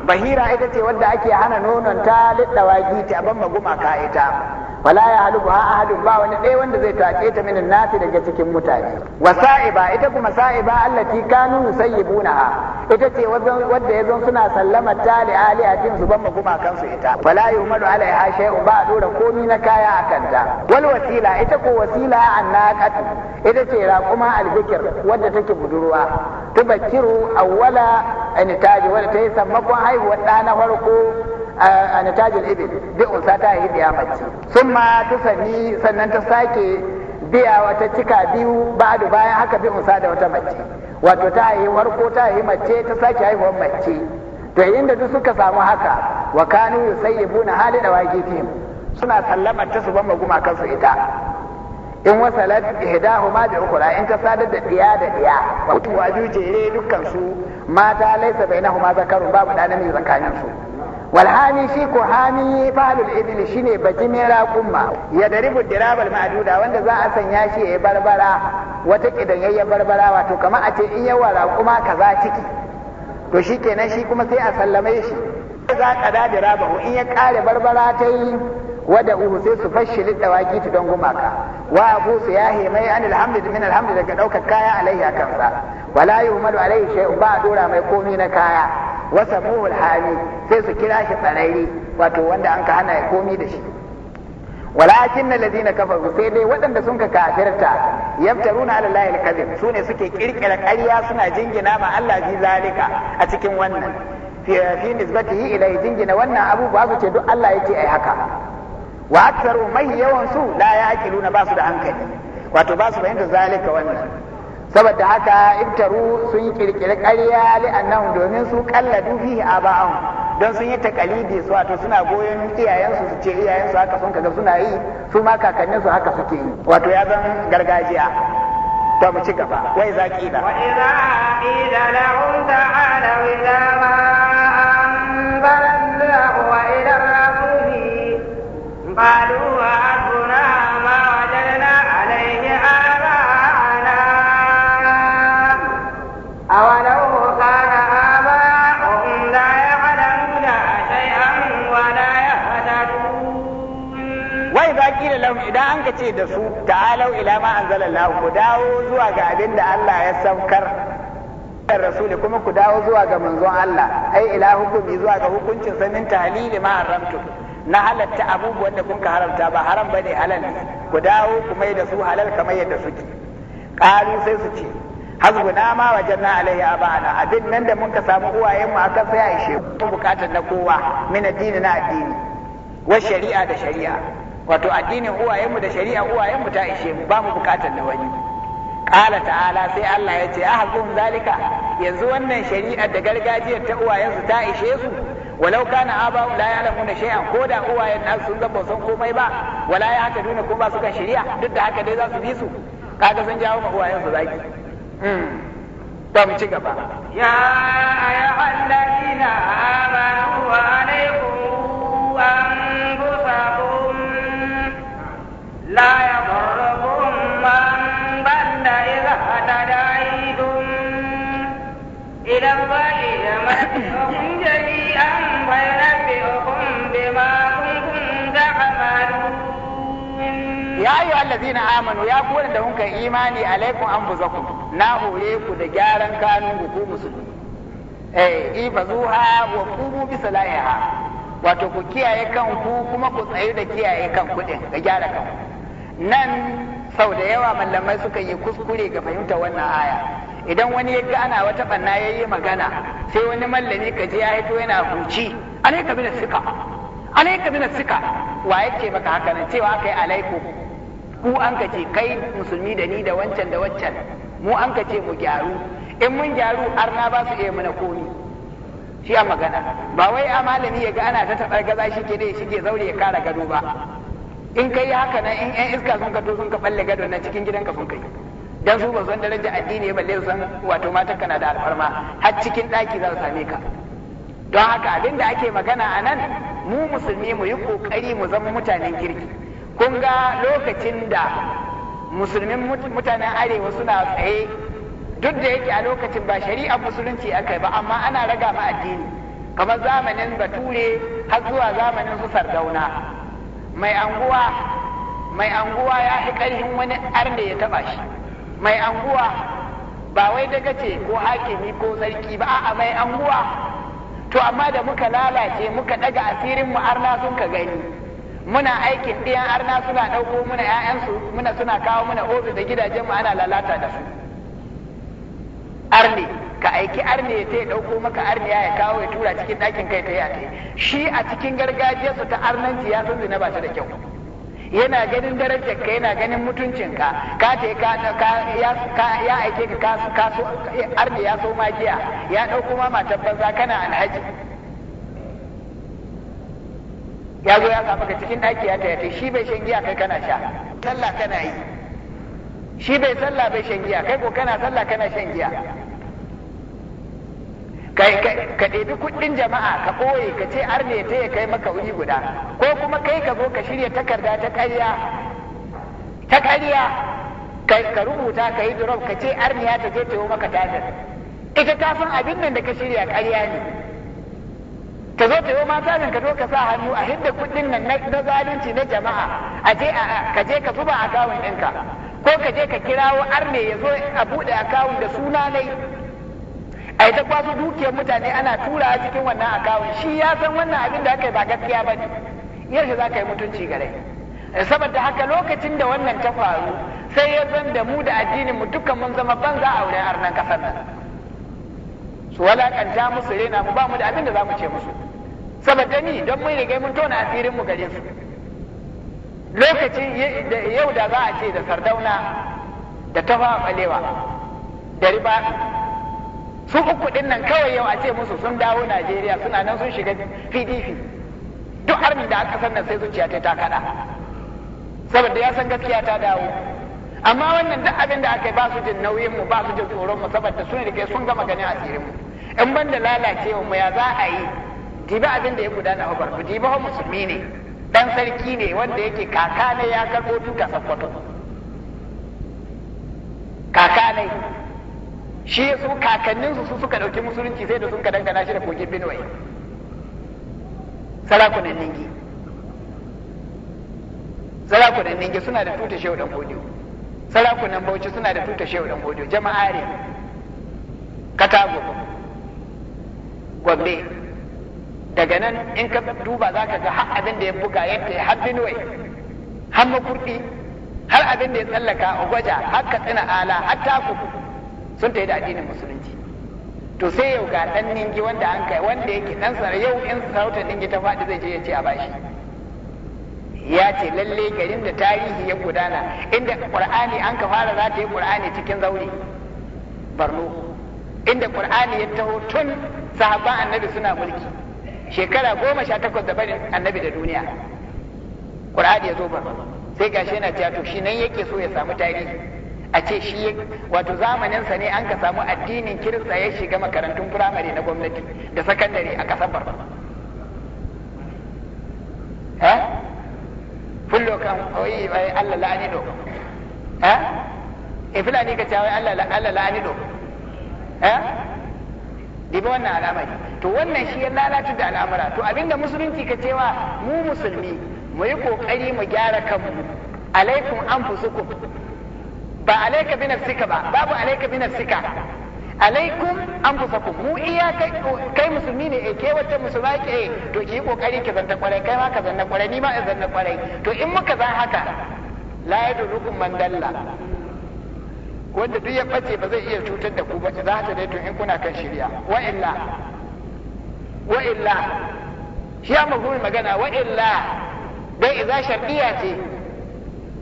A: bahira ita ce wadda ake hana nonon ta liddawa gita ban maguma ka ita fala ya halubu ha ahadun ba wani ɗaya wanda zai tace ta minin nasi daga cikin mutane wa sa'iba ita kuma sa'iba allati kanu sayyibunaha ita ce wadda ya zon suna sallama ta li alihatin su ban maguma kansu ita fala yumalu alaiha shay'un ba dora komi na kaya akan ta wal wasila ita ko wasila naqatu ita ce raquma albikir wadda take budurwa tubakiru awwala taji wanda ta yi sammakon haihuwar ɗa na farko a natajin ibil bi unsa ta yi biya mace sun ma ta sani sannan ta sake biya wata cika biyu ba'adu bayan haka bi unsa da wata mace wato ta yi warko ta yi mace ta sake haihuwar mace to da duk suka samu haka wa kanu na hali da wajibihim suna sallamar ta su ban maguma kansu ita in ihdahu ma bi ukhra in ta sadar da diya da diya wato wajuje jere dukkan su mata laysa bainahuma zakarun babu da namiji zakanin su walhami shi ko hami fa'alul ibil shine bakin mai raƙumma ya daribu dirabal ma'duda wanda za a sanya shi ya barbara wata kidanyayyen barbara wato kamar a ce in yawa raƙuma kaza ciki to shi kenan shi kuma sai a sallame shi za ka da dirabahu in ya kare barbara ta yi wada uhu sai su fashe lidawaki ta don gumaka wa abu su ya hemai an alhamdu min daga daukar kaya alaihi a kansa wala yuhmalu alaihi shay'un ba dora mai komi na kaya wa samuhu hali sai su kira shi tsararri wato wanda an hana ya komi da shi walakin alladhina kafaru sai dai waɗanda sun ka kafirta yaftaruna ala allahi alkazib sune suke kirkira ƙarya suna jingina ma Allah ji zalika a cikin wannan fi nisbatihi ilai jingina wannan abu ba su ce duk Allah yake ai haka wa aktharu mai yawan su la yaqiluna ba su da hankali wato ba su fahimta zalika wannan saboda haka ibtaru sun kirkiri ƙarya li annahum domin su kalladu fi aba'ahum don sun yi takalidi su wato suna goyon iyayensu su ce iyayensu haka sun kaga suna yi su ma kakanninsu haka suke yi wato ya zan gargajiya to mu ci gaba wai da wa idza
B: qila lahum ta'ala wa idza ma
A: ce da su ta'alau ila ma anzalallahu ku dawo zuwa ga abin da Allah ya saukar da rasuli kuma ku dawo zuwa ga manzon Allah ai ila hukumi zuwa ga hukuncin sanin tahlili ma haramtu na halatta abubuwan da kun ka haramta ba haram bane halal ku dawo ku mai da su halal kamar yadda suke qalu sai su ce hazguna ma wajanna alaihi abana abin nan da mun ka samu uwayen mu akan sai a ishe bukatar na kowa min addini na addini wa shari'a da shari'a wato addinin uwayenmu da shari'a uwayenmu ta ishe mu ba mu bukatar da wani ƙala ta'ala sai Allah ya ce ahzun zalika yanzu wannan shari'ar da gargajiyar ta uwayensu ta ishe su walau kana aba la ya'lamuna shay'an ko da uwayen nan sun zaba san komai ba wala ya ta duna ko ba su kan shari'a duk da haka dai za su bi su kaga sun jawo ma uwayensu zaki hmm. ta mu ci gaba
B: ya ayyuhallazina amanu an anfusakum لا يضركم من ضل إذا اهتديتم إلى الله مرجعكم جميعا وينبئكم بما كنتم تعملون يا أيها الذين آمنوا
A: يا قول لهم إيماني عليكم أنفسكم ليكم دجارا كانوا بكم eh ifazuha wa kubu bisa la'iha, wato ku kiyaye kanku kuma ku tsaye da kiyaye kan din ga gyara kanku nan sau da yawa mallamai suka yi kuskure ga fahimta wannan aya idan wani ya ga ana wata banna ya yi magana sai wani mallami ka je ya hito yana huci alaika bin sika alaika bin sika wa yake maka haka nan cewa akai alaiku ku an ka ce kai musulmi da ni da wancan da waccan mu an ka ce mu gyaru in mun gyaru arna ba su iya mana komi shi a magana ba wai a malami ya ga ana ta taɓar gaza shi ke da shi ke zaure ya kara gado ba in kai haka nan in yan iska sun ka to sun ka balle gado na cikin ka sun kai dan su ba san daraja addini balle su san wato mata kana da alfarma har cikin daki za su same ka don haka abin da ake magana a nan mu musulmi mu yi kokari mu zama mutanen kirki kun ga lokacin da musulmin mutanen arewa suna tsaye duk da yake a lokacin ba shari'ar musulunci aka yi ba amma ana raga ma addini kamar zamanin bature har zuwa zamanin su sardauna mai anguwa mai anguwa ya fi ƙarfin wani arne ya taba shi mai anguwa ba wai daga ce ko hakimi ko sarki ba a'a mai anguwa to amma da muka lalace muka daga asirin mu arna sun ka gani muna aikin ɗiyan arna suna ɗauko muna 'ya'yansu muna suna kawo muna ofis da gidajen mu ana lalata da su arne ka aiki arni ya ta ɗauko maka arniya ya kawo ya tura cikin ɗakin kai ta yi shi a cikin gargajiyarsa ta arnanci ya san zina ba ta da kyau yana ganin darajar ka yana ganin mutuncinka ka ce ka ya aike ka kasu kasu arni ya so magiya ya ɗauko ma matar banza kana alhaji ya zo ya samu ka cikin ɗaki ya ta shi bai shan giya kai kana sha sallah kana yi shi bai sallah bai shan giya kai ko kana sallah kana shan giya ka ɗebi kuɗin jama'a ka ɓoye ka ce ar ta ya kai maka wuri guda ko kuma kai ka zo ka shirya takarda ta ƙarya ta ƙarya ka rubuta ka yi drop ka ce ar ya ta je ta maka tajar ita ta san abin nan da ka shirya ƙarya ne ta zo ta yi ma tajar ka zo ka sa hannu a hidda kuɗin nan na zalunci na jama'a a je ka je ka zuba akawun ɗinka ko ka je ka kirawo ar ne ya zo a buɗe akawun da suna nai A ta kwaso dukiyar mutane ana tura cikin wannan akawun shi ya san wannan abin da aka yi ba gaskiya ba ne yaushe za ka yi mutunci gare eh, saboda haka lokacin da wannan ta faru sai ya zan da mu da addinin mu duka mun zama banza a wurin arnan kasar nan su walakanta musu rena mu ba mu da abin da za mu ce musu saboda ni don mun rigai mun tona asirin mu gare su lokacin yau da za a ce da sardauna da tafa balewa da riba su uku din nan kawai yau a ce musu sun dawo Najeriya suna nan sun shiga PDP duk armi da aka nan sai zuciya ta ta kada saboda ya san gaskiya ta dawo amma wannan duk abin da aka yi ba su jin nauyin mu ba su jin tsoron mu saboda sun rike sun gama ganin asirin mu in ban da lalacewa mu ya za a yi Diba abin da ya gudana a barku dibi ho musulmi ne dan sarki ne wanda yake kaka ne ya karbo duka sakwato kaka ne shi su kakanninsu su suka ɗauki musulunci sai da sun ka dangana shi da kogin Benue sarakunan ningi sarakunan ningi suna da tuta shehu dan godiyo sarakunan bauchi suna da tuta shehu dan godiyo jama'are katago gombe daga nan in ka duba za ka ga har abin da ya buga yadda ya kai har Benue har makurɗi har abin da ya tsallaka a gwaja har katsina ala har taku sun ta yi da addinin musulunci to sai yau ga dan ningi wanda an kai wanda yake dan sar yau in sarautar ningi ta faɗi zai je ya ce a bashi ya ce lalle garin da tarihi ya gudana inda qur'ani an ka fara za ta yi qur'ani cikin zauri barno inda qur'ani ya taho tun sahabban annabi suna mulki shekara goma sha takwas da barin annabi da duniya qur'ani ya zo barno sai gashi yana cewa to shi nan yake so ya samu tarihi a ce shi wato zamanin sa ne an ka samu addinin kirista ya shiga makarantun firamare na gwamnati da sakandare a kasar barba ha fullo kan oyi bai Allah la'ani do ha in eh, fulani ka cewa Allah Allah la'ani do ha dibi wannan ne to wannan shi ya lalata da al'amura to abinda musulunci ka cewa mu musulmi mu yi kokari mu gyara kanmu alaikum anfusukum ba alaika bi nafsika ba babu alaika bi nafsika alaikum anfusakum mu iya kai musulmi ne eh ke wacce musulma ke eh, to ki kokari ki zanna kwarai kai ma ka zanna kwarai ni ma in zanna kwarai to in muka zan haka la yadurukum man dalla wanda duk ya bace ba zai iya cutar da ku ba za ta dai to in kuna kan shirya wa illa wa illa shi ya magana wa illa dai idza shar'iyya ce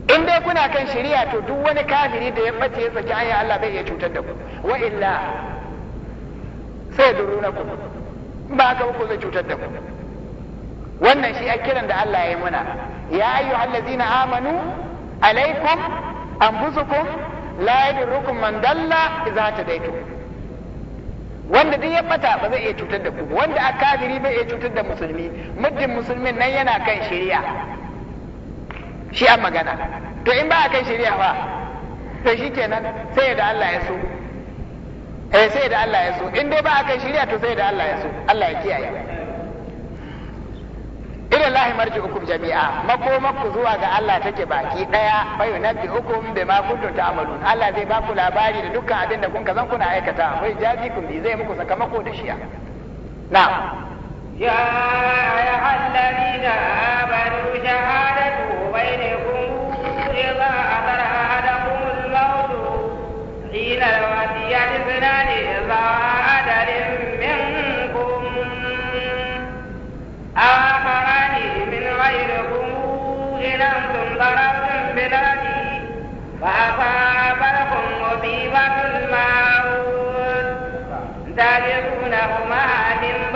A: in dai kuna kan shari'a to duk wani kafiri da ya bace ya saki aya Allah bai iya cutar da ku wa illa sai na ku ba ka ku zai cutar da ku
B: wannan shi a kiran da
A: Allah ya yi muna ya ayyuhal ladzina amanu alaikum anfusukum la yadurrukum man dalla idza tadaitu wanda duk ya bata ba zai iya cutar da ku wanda a kafiri bai iya cutar da musulmi muddin musulmin nan yana kan shari'a shi an magana to in ba a kai shari'a ba to shi kenan sai da Allah ya so eh sai da Allah ya so in dai ba a kai shari'a to sai da Allah ya so Allah ya kiyaye ila lahi hukum jami'a makomakku zuwa ga Allah take baki daya bayu nabi hukum bi ma kuntum ta'malun Allah zai ba ku labari da dukkan abin da kun kazan kuna aikata bai kun bi zai muku sakamako da shi'a
B: na'am يا أيها الذين آمنوا شهادة بينكم إذا حضر أحدكم الموت حين الوصية اثنان إذا عدل منكم آخران من غيركم إن أنتم ضربتم بالأرض فأصابكم مصيبة الموت تجدونهما من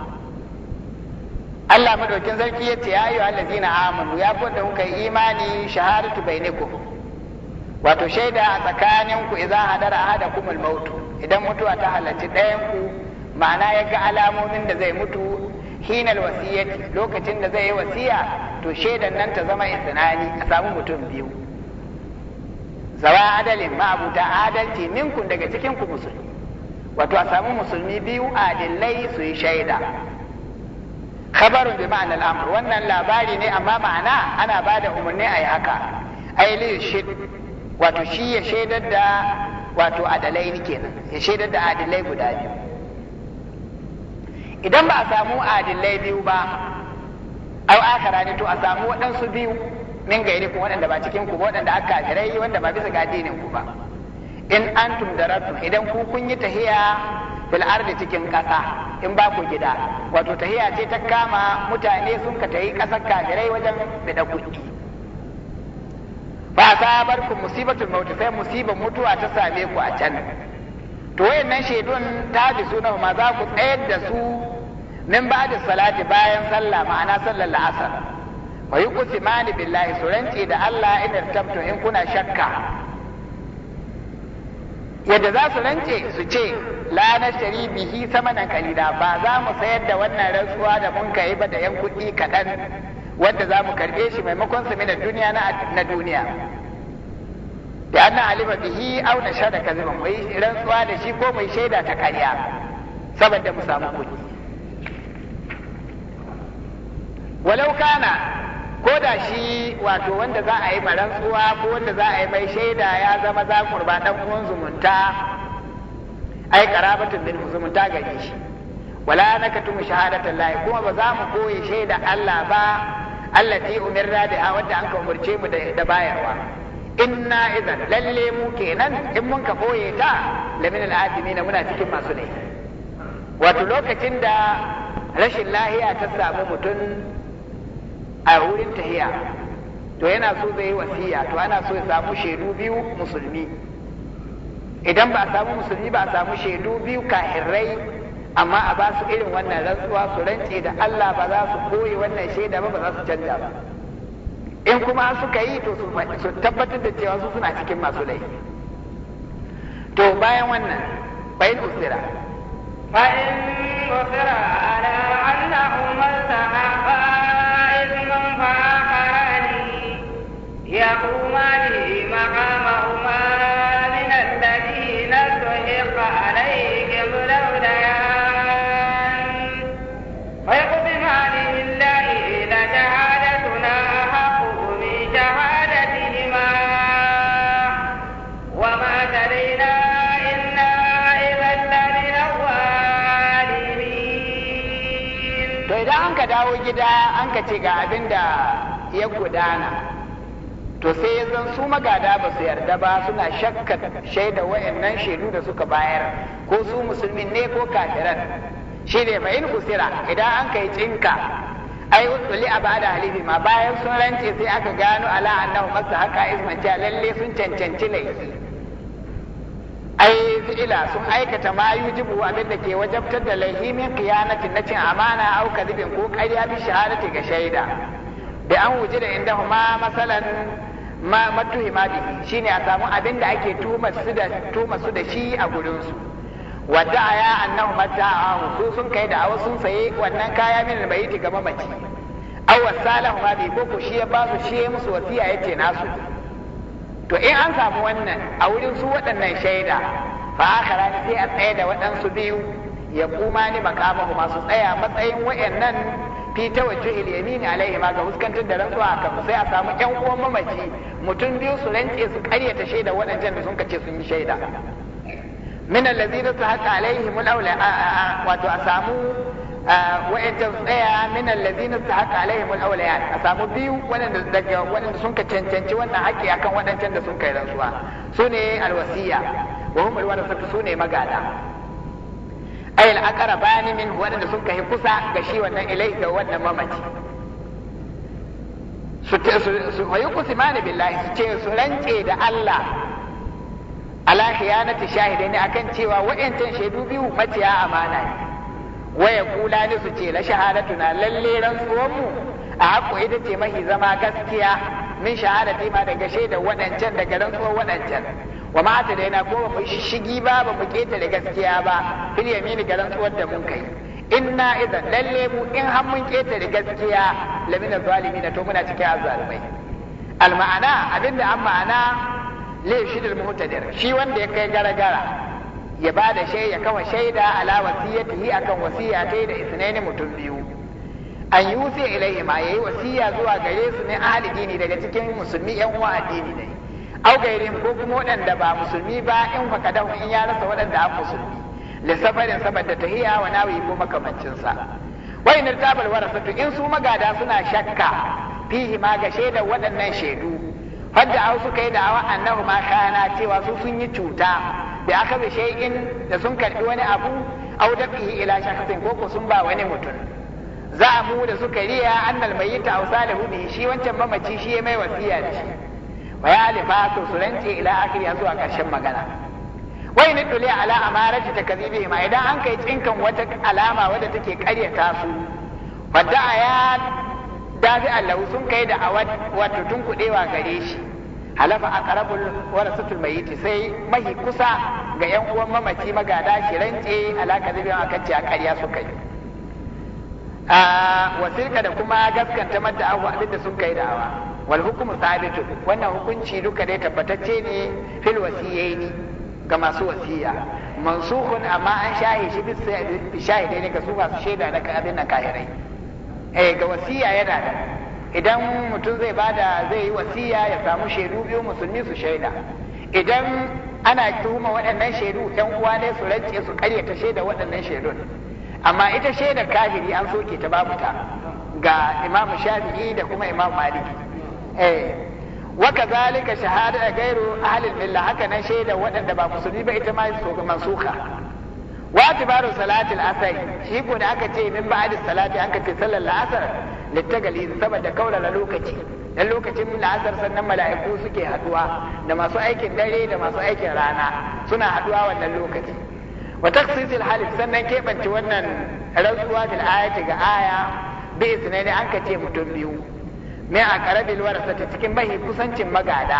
A: Allah madaukin sarki ya ce ya yi allazina amanu ya fi da kuka yi imani shahadatu bainakum wato shaida a tsakanin ku idan hadara ahadakumul maut idan mutuwa ta halarci ɗayan ku ma'ana ya ga alamomin da zai mutu hinal wasiyyati lokacin da zai yi wasiya to shaidan nan ta zama isnani a samu mutum biyu zawa adalin ma'abuta adalci minkun daga cikin ku musulmi wato a samu musulmi biyu adillai su yi shaida khabarun bi ma'anar al'amur wannan labari ne amma ma'ana ana ba da umarni a yi haka aili shid wato shi ya shaidar da wato adalai kenan ya shaidar da adalai guda biyu idan ba a samu adalai biyu ba au akara ne to a samu waɗansu biyu min gairi ku waɗanda ba cikin ku waɗanda aka yi, wanda ba bisa ga ku ba in antum daratu idan ku kun yi tahiya fil ardi cikin ƙasa in ba ku gida wato tahiya ce ta kama mutane sun ka tayi ƙasar kafirai wajen bida kuɗi fa sabar ku musibatul maut sai musibar mutuwa ta same ku a can to wayannan shaidun ta bi suna ma za ku tsayar da su min ba da salati bayan sallah ma'ana sallar la'asar wa yuqsimani billahi suranci da Allah in irtabtu in kuna shakka yadda za su rance su ce la nashri bihi sama samanan kalila ba za mu sayar da wannan rantsuwa da mun kai ba da yan kuɗi kaɗan wanda za mu karɓe shi maimakon su mina duniya na duniya da anna alima bihi aw nashada kaziban mu yi rantsuwa da shi ko mai shaida ta karya saboda mu samu kuɗi walau kana ko da shi wato wanda za a yi rantsuwa ko wanda za a yi mai shaida ya zama za kurba dan uwan zumunta ai qarabatun min ta gare shi wala nakatumu shahadatan lahi kuma ba za mu koyi shaida Allah ba allati umirna biha wadda an ka umurce mu da bayarwa inna idan lalle mu kenan in mun ka boye ta lamin al'adimi na muna cikin masu ne wato lokacin da rashin lahiya ta samu mutum a wurin tahiya to yana so zai yi wasiya to ana so ya samu shaidu biyu musulmi idan ba a samu musulmi ba a samu shaidu biyu kahirrai amma a ba su irin wannan rantsuwa su rance da Allah ba za su koyi wannan shaida ba ba za su canja ba in kuma suka yi to su tabbatar da cewa su suna cikin masu laifi to bayan wannan bayan usira
B: fa'in usira ala annahum
A: gida an ka ce ga abin da ya gudana to sai ya zan su magada ba su yarda ba suna shakka shaida wayannan shaidu da suka bayar ko su musulmin ne ko kafiran shi ne fa in kusira idan an kai cinka ai wutsuli a ba da halifi ma bayan sun rance sai aka gano ala annahu masa haka isman lalle sun cancanci laifi ai fi'ila sun aikata ma yujibu abin da ke wajabtar da lahimin kiyanati na cin amana au kadibin ko ƙarya bi shahadati ga shaida da an wuce da inda ma masalan ma ma bi shine a samu abin da ake tuma su da shi a gurin su wadda aya annahu mata'ahu su sun kai da awa sun saye wannan kaya min albayti ga mamaci aw wasalahu ma bi ko ku shi ya ba su shi musu wasiya yace nasu to in an samu wannan a wurin su waɗannan shaida fa akhara ne sai a tsaya da waɗansu biyu ya kuma ni makamahu masu tsaya matsayin wayannan fi tawajjuhil yamin alaihi ma ga fuskantar da rantsuwa a kan sai a samu ƴan uwan mamaci mutum biyu su rantse su ƙaryata shaida waɗancan da sun kace sun yi shaida min allazina su haƙa alaihi mulawla wato a samu wa'inda tsaya min allazina istahaqqa alaihim alawliyan a samu biyu wadanda daga wadanda sun ka cancanci wannan haƙi akan waɗancan da sun kai rantsuwa sune alwasiya wa hum alwarasatu sune magada ayil aqrabani min wadanda sun kai kusa ga shi wannan ilai da wannan mamaci su su wayu kusimani billahi su ce su rance da Allah ala khiyanati shahidaini akan cewa wa'incan shaidu biyu maciya amana ne waya kula ni su ce la shahadatuna lalle rantsuwar mu a haƙo ita ce mahi zama gaskiya min shahadati ma daga shaida waɗancan daga rantsuwan waɗancan wa ma ta daina ko mu shigi ba ba mu keta da gaskiya ba fil yamini ga rantsuwar da mun kai inna idza lalle mu in har mun keta da gaskiya lamina zalimina to muna cikin azzalumai al ma'ana abinda an ma'ana lishidul muhtadir shi wanda ya kai gara gara ya ba da shaida kawai shaida ala a akan wasiya ta da isnaini mutum biyu an yi wuce ilaihi ma yi wasiya zuwa gare su ne ahli dini daga cikin musulmi yan uwa addini ne au gairin ko kuma waɗanda ba musulmi ba in fakadahu in ya rasa waɗanda an musulmi lissafarin saboda tahiya wa nawi ko makamancin sa wa in in su magada suna shakka fihi ma ga shaidar waɗannan shaidu hadda au suka yi da'awa annahu ma kana cewa su sun yi cuta Da aka bi shay'in da sun karbi wani abu au dafihi ila shakatin koko sun ba wani mutum za a mu da suka riya annal mayyita au salihu bihi shi wancan mamaci shi ya mai wasiya da shi wa ya alifa su surance ila akhiri zuwa karshen magana wai ni dole ala amarati takzibi ma idan an kai tsinkan wata alama wadda take karyata su wadda ya dafi Allah sun kai da awad wato kuɗewa gare shi halafa aqrabul warasatul mayyit sai mahi kusa ga yan uwan mamaci magada shi rance alaka zibin akan ci a ƙarya suka yi a wasirka da kuma gaskanta madda abu abinda sun kai da'awa wal hukumu sabitu wannan hukunci duka dai tabbatacce ne fil wasiyaini ga masu wasiya mansukun amma an shahi shi bisa dai ne ga su masu shaida na abin nan kahirai eh ga wasiya yana da idan mutum zai bada zai yi wasiya ya samu shaidu biyu musulmi su shaida idan ana tuhuma waɗannan shaidu yan uwa ne su rance su ta shaida waɗannan shaidun amma ita shaidar kahiri an soke ta babu ta ga imam shafi'i da kuma imam maliki eh wa kazalika shahada gairu ahlil milla haka nan shaida waɗanda ba musulmi ba ita ma su mansuka wa tibaru salatil asr shi ko da aka ce min ba'da salati an ka ce sallar la'asar littagali saboda kaurara lokaci dan lokacin la'asar sannan mala'iku suke haduwa da masu aikin dare da masu aikin rana suna haɗuwa wannan lokaci wa taqsisil halif sannan keɓance wannan rantsuwa fil ayati ga aya bi isnani an kace mutum biyu mai a karabil warasati cikin mahi kusancin magada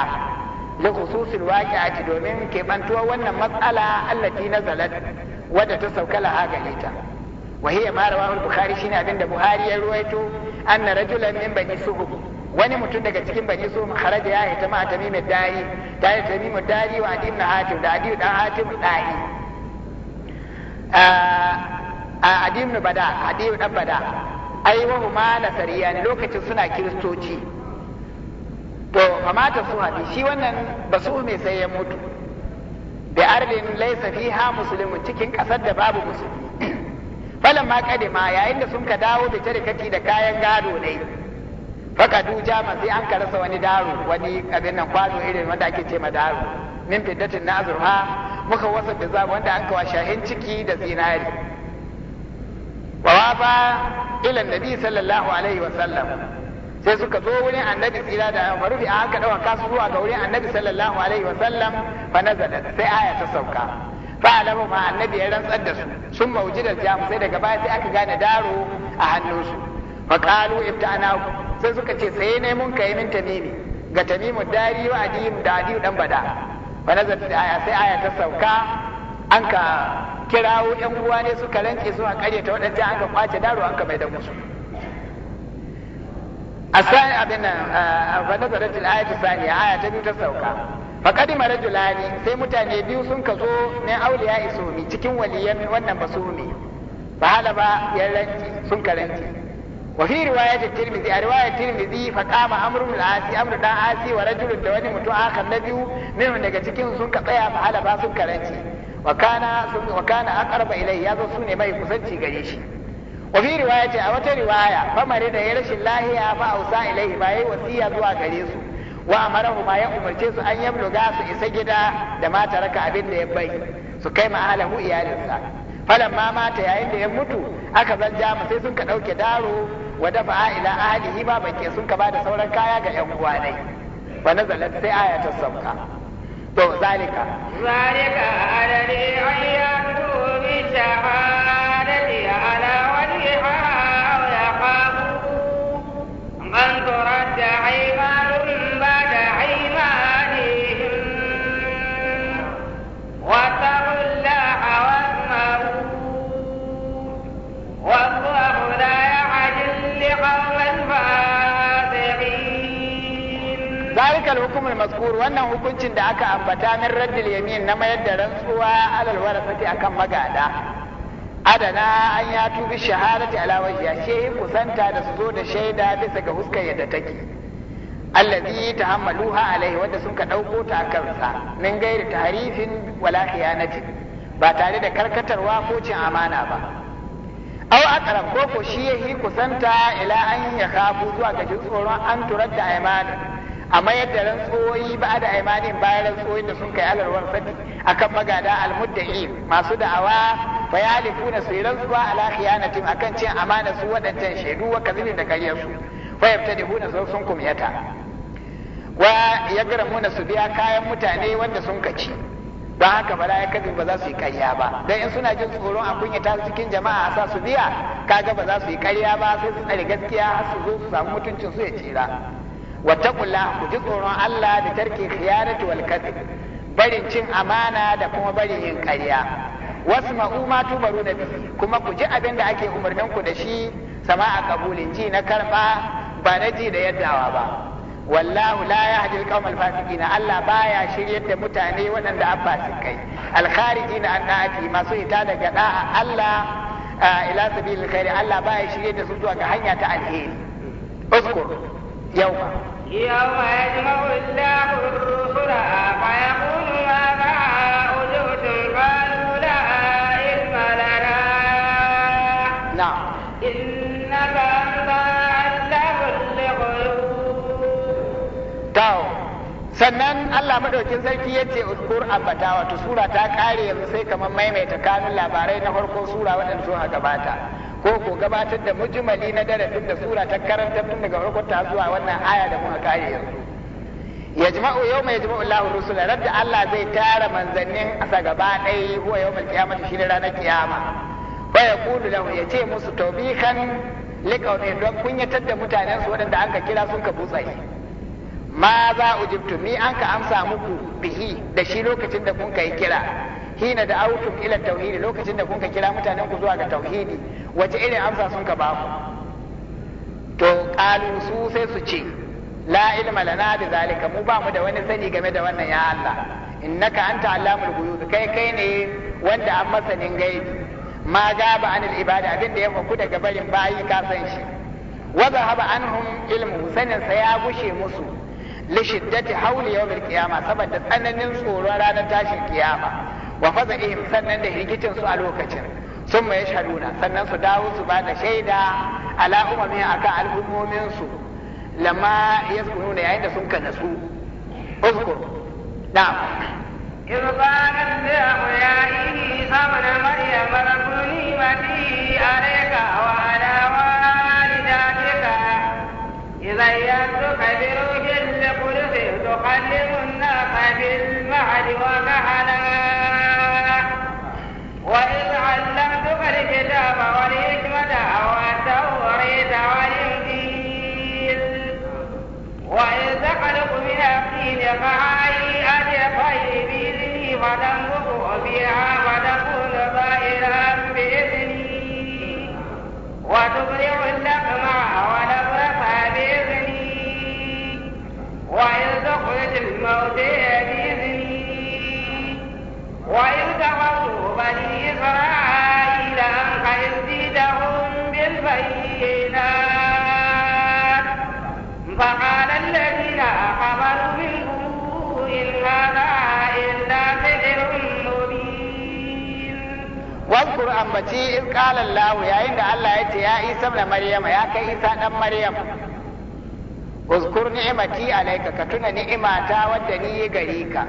A: li khususil waqi'ati domin keɓantuwa wannan matsala na nazalat wadda ta sauka laha ta wa hiya ma rawahu bukhari shine abin da buhari ya ruwaito anna rajulan min bani suhub wani mutum daga cikin bani suhub kharaja ya hita ma tamim dari ta yi tamim dari wa adin na hatim da adin dan hatim dai a adin bada adin dan bada ai wa huma nasariya ne lokacin suna kiristoci to kamata su haɗi shi wannan basu mai sai ya mutu bi ardin laysa fiha muslimun cikin kasar da babu musulmi falan ma ma yayin da sun ka dawo da tarikati da kayan gado ne faka duja ma sai an ka rasa wani daro wani abin nan kwano irin wanda ake ce ma daro min fiddatin na azurfa muka wasa da zabu wanda an kawa shahin ciki da zinari wa wafa ila nabi sallallahu alaihi wa sallam sai suka zo wurin annabi tsira da marufi a haka ɗauka su zuwa ga wurin annabi sallallahu alaihi wa sallam fa nazalat sai aya ta sauka fa alamu ma annabi ya rantsar da su sun da jamu sai daga baya sai aka gane daro a hannunsu fa qalu ibtana sai suka ce sai ne mun kai min tamimi ga tamimu dari wa adiyu da adiyu dan bada fa nazalat aya sai aya ta sauka an ka kirawo yan uwa ne suka rantse su a ta waɗancan an ka kwace daro an ka mai da musu asai abin nan fa nazarat al-ayatu a aya ta biyu ta sauka fa qadima rajulani sai mutane biyu sun ka zo min iso isumi cikin waliyan wannan ba su Ba hala ba ya ranci sun karanci wa fi riwayat at-tirmidhi a riwayat tirmidhi fa qama amru al-asi amru dan asi wa rajulun da wani mutum akan na biyu min daga cikin sun ka tsaya ba hala ba sun karanci wa kana wa kana aqraba ilayya zo su ne mai kusanci gare shi wa riwaya ce a wata riwaya famare da ya rashin lahiya fa ausa ilaihi ba yayi ya zuwa gare su wa amarahu ma ya umarce su an yabluga su isa gida da mata raka abin da ya bai su kai ma alamu iyalinsa falan ma mata yayin da ya mutu aka zan mu sai sun ka dauke daro wa dafa ila ahlihi ma ke sun ka bada sauran kaya ga yan uwa dai wa nazalat sai a ta sauka to zalika
B: zalika adani ayyatu bi shahadati ala أن ترد عباد بعد عبادهم واتقوا الله والله لا يعجل لقوم
A: ذلك الحكم المذكور وأن hukuncin da اكا ambata min raddil اليمين نما يد رنسوا على alal warasati akan adana an ya tubi shahadati ala wajhiha she kusanta da su zo da shaida bisa ga huskar yadda take allazi tahammaluha alaihi wanda sun ka dauko ta kansa min gairi tahrifin na khiyanati ba tare da karkatarwa ko cin amana ba aw aqrab ko ko shi yahi kusanta ila an ya kafu zuwa ga tsoron an turar da a mayar da rantsoyi ba da aimanin bayan rantsoyin da sun kai alarwar sadi akan magada almudda'in masu da'awa fayalifuna yalifuna zuwa ala khiyanatin akan cin amana su waɗancan shaidu wa kazibin da kariyar su fa yabtadihuna sun sun kumyata wa yagramuna su biya kayan mutane wanda sun kaci don haka bala ya kadin ba za su yi karya ba dan in suna jin tsoron a kunyata cikin jama'a a sa su biya kaga ba za su yi karya ba sai su tsare gaskiya har su zo su samu mutuncin su ya tsira taqullah ku ji tsoron Allah da tarki khiyanatu wal kadhib barin cin amana da kuma barin yin karya wasu ma'uma tubaru da bi kuma ku ji abin da ake umarnin ku da shi sama a kabulin ji na karba ba na ji da yaddawa ba wallahu la yahdi al-qawm al-fasiqina Allah baya shiryar da mutane waɗanda an fasikai al-kharijina an da'ati masu ita daga da'a Allah ila sabilil khair Allah baya shiryar da su zuwa ga hanya ta alheri uskur yawma
B: yawma yajma'u Allahu ar-rusula fa yaqulu
A: sannan Allah madaukin sarki ya ce uskur abata wato sura ta kare yanzu sai kamar maimaita kanun labarai na farko sura waɗanda sun gabata ko ko gabatar da mujmali na darasin da sura ta karanta tun daga farko ta zuwa wannan aya da muka kare yanzu yajma'u yawma yajma'u Allahu rusula radda Allah zai tara manzannin asa gaba ɗaya huwa yawmal qiyamati shi ranar kiyama wa yaqulu lahu yace musu tawbikan liqawni don kunyatar da mutanen waɗanda an ka kira sun ka butsaye ma za ujibtu mi an ka amsa muku bihi da shi lokacin da kun yi kira hina da autum ila tauhidi lokacin da kun ka kira mutanen ku zuwa ga tauhidi wace irin amsa sun ka baku to qalu su sai su ce la ilma lana bi zalika mu ba mu da wani sani game da wannan ya Allah innaka anta allamul ghuyub kai kai ne wanda an masanin gaibi ma gaba anil ibada abin da ya faku daga barin bayi ka san shi wa zahaba anhum ilmu sanin sa ya gushe musu li shiddati hawli yawmil qiyama saboda tsananin tsoron ranar tashin kiyama wa faza'ihim sannan da hirgicin su a lokacin sun mai shaduna sannan su dawo su ba da shaida ala umamin akan al'ummomin su lamma yaskununa yayin da sun kanasu uzkur na'am
B: إذ قالت له يا عيسى ابن مريم اذكر نعمتي عليك وعلى والدتك إذا يكتب يقلب الناس بالمعد ومعنا وإذ علمتك الكتاب والحكمة والتوريد والإنجيل وإذ تخلق من الطين فهيئة طير بإذني فتنبت بها فتكون طائرا بإذني وتبرع اللقمة والأبرص بإذني وإذ تخرج الموت بإذني وإذ تقول بني إسرائيل أن قد زيدهم بالبينات فقال الذين كفروا منه إن هذا إلا سحر
A: واذكر أمتي إذ قال الله يا إن الله يا عيسى ابن مريم يا كعيسى ابن مريم uzkur ni'mati alayka ka tuna ni'imata wadda ni yi gare ka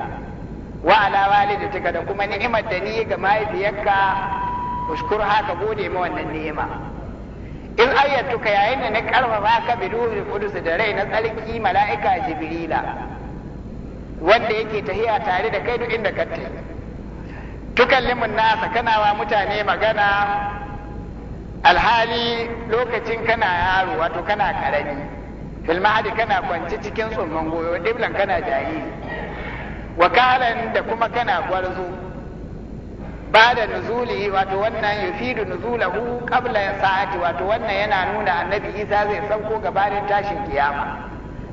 A: wa ala walidatika da kuma ni'imar da ni yi ga mahaifiyarka ushkur haka gode ma wannan ni'ima in ayyatuka yayin da na karfafa ka bi ruhul qudus da rai na tsarki mala'ika jibrila wanda yake tahiya tare da kai duk inda ka tafi tukallimun nasa kana wa mutane magana alhali lokacin kana yaro wato kana karami filmahadi kana kwanci cikin tsumman goyo diblan kana jariri wakalan da kuma kana gwarzo ba da nuzuli wato wannan ya yufidu nuzulahu qabla sa'ati wato wannan yana nuna annabi isa zai sauko gabanin tashin kiyama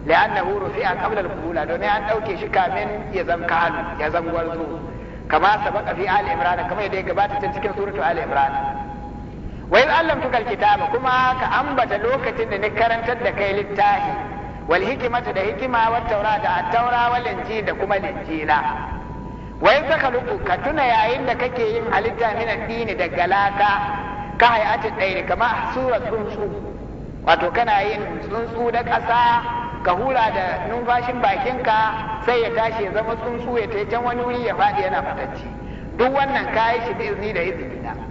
A: li'annahu rufi'a a al-qula domin an ɗauke shi kamin ya zan kalu ya zan gwarzo kama sabaka fi ali imran kamar yadda ya gabata cikin suratu ali wai allam tukal kitaba kuma ka ambata lokacin da ni karantar da kai littafi wal da hikima wa taura da taura wal injil da kuma linjila wai takaluku ka tuna yayin da kake yin halitta min addini da galaka ka hayati ɗaya kama surat tsuntsu wato kana yin tsuntsu da ƙasa ka hura da numfashin bakinka sai ya tashi ya zama tsuntsu ya ta wani wuri ya faɗi yana fatacci duk wannan yi shi da izini da izini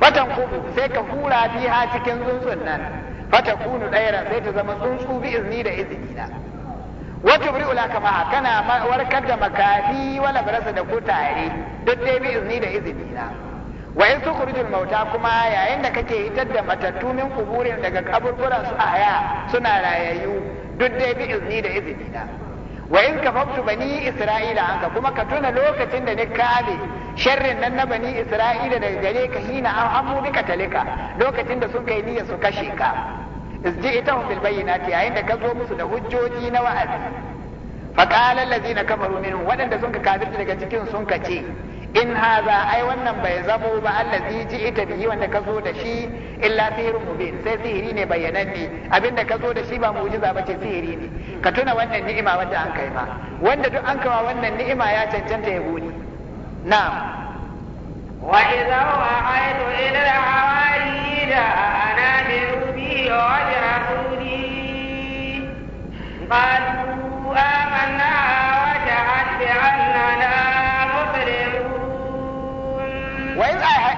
A: fatan kubu sai ka hura biha cikin tsuntsun nan fata kunu ɗairan sai ta zama tsuntsu bi izini da izini na wata buri ula kama kana warkar da makafi wala barasa da kutare duk dai bi izini da izini na wa in tukhrijul mauta kuma yayin da kake hitar da matattu min kuburin daga kaburburan su a haya suna rayayyu duk dai bi izini da izini na wa in kafaftu bani isra'ila anka kuma ka tuna lokacin da ni kale sharrin nan na bani isra'ila daga gare ka hina an hamu talika lokacin da sun kai niyyar su kashe ka izji'tahum bil bayyinati yayin da ka zo musu da hujjoji na wa'azi fa qala allazina kafaru minhum wadanda sun ka kafirta daga cikin sun ka ce in haza ai wannan bai zamo ba zai ji ita bihi wanda ka zo da shi illa sihirun mubin sai sihiri ne bayyananne abinda ka zo da shi ba mu'jiza ba ce sihiri ne ka tuna wannan ni'ima wanda an kai ma wanda duk an kawa wannan ni'ima ya cancanta ya gode na'am wa idza wa'aytu ila
B: al hawaida ana bi wa rasuli qalu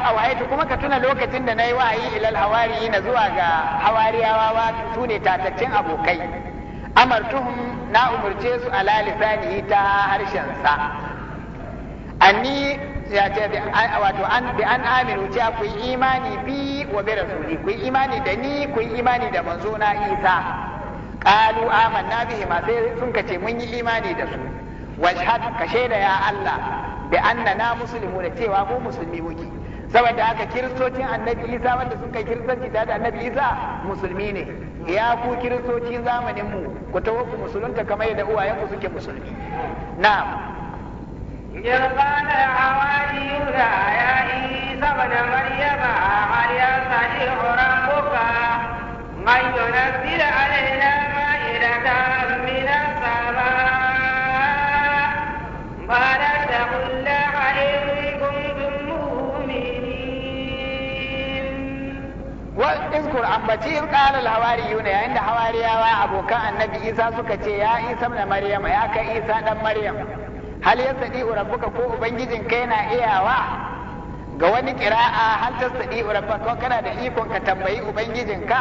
B: awaitu
A: kuma ka tuna lokacin da na yi wa'ayi ilal hawari na zuwa ga hawariyawa wa su ne tataccen abokai amartuhum na umarce su ala lisanihi ta harshen sa anni ya ce wato an bi an aminu cewa ku yi imani bi wa bi rasuli ku yi imani da ni ku yi imani da manzo na isa qalu amanna bihi ma sai sun kace mun yi imani da su washhad ka shaida ya allah bi annana da cewa ko musulmi muke saboda haka kiristocin annabi isa wanda suka kiristanci da annabi isa musulmi ne ya ku kiristoci zamanin mu ku taho ku musulunta kamar yadda ku suke musulmi na'am
B: إذ قال الحواريون يا عيسى ابن مريم هل
A: واذكر أمتي إذ قال الهواريون عند هواريا أبو كان النبي إيسى سكتي يا ya ابن مريم يا كإيسى ابن مريم هل يستطيع ربك كو kai كينا iyawa. ga wani ƙira'a, hal tasdi ko kana da ikon ka tambayi ubangijinka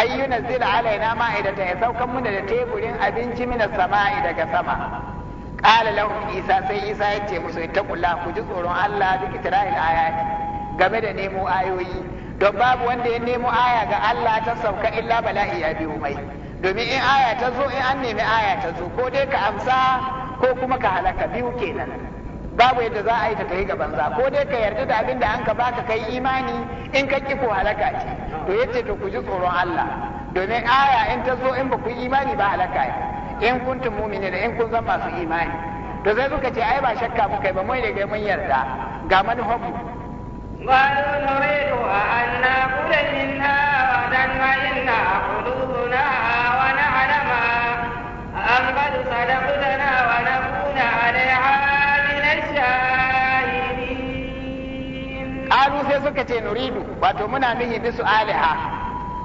A: ayyuna zil alaina ma'idata ya saukan muna da teburin abinci mina sama'i daga sama ƙala lahum isa sai isa ya ce musu kula, ku ji tsoron Allah bi kitra'il ayati game da nemo ayoyi don babu wanda ya nemo aya ga Allah ta sauka illa bala'i ya biyo mai domin in aya ta zo in an nemi aya ta zo ko dai ka amsa ko kuma ka halaka biyu kenan babu yadda za a yi ta kai ga banza ko dai ka yarda da abin da an ka baka kai imani in ka ki ko halaka ce to yace to ku ji tsoron Allah domin aya in ta zo in ba ku imani ba halaka ne in kuntum mu'minin in kun zama masu imani to sai suka ce ai ba shakka muka yi ba mai da mun yarda ga manufar
B: قالوا نريد أن نأكل منها غدا وإنا قلوبنا ونعلم أن قد صدقتنا ونكون عليها من الشاهدين
A: قالوا نريد بسؤالها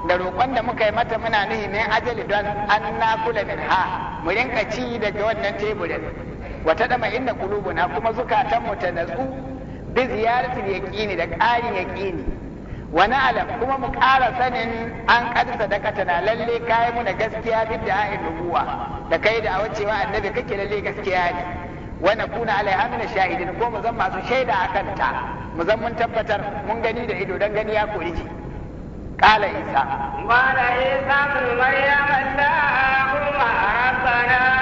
A: da roƙon da muka yi mata muna nuhi ne ajali don an na kula min ha mu rinka ci daga wannan teburin wata dama inda kulubuna kuma zukatanmu ta natsu bi ziyaratul yaqini da ƙarin yaqini wa na'lam kuma mu ƙara sanin an qad na lalle kai mu da gaskiya bidda da'in nubuwa da kai da awacewa annabi kake lalle gaskiya ne wa nakuna alaiha min shahidin ko mu zan masu shaida akan ta mu zan mun tabbatar mun gani da ido dan gani ya kori ji قال عيسى
B: قال عيسى ابن مريم اللهم ربنا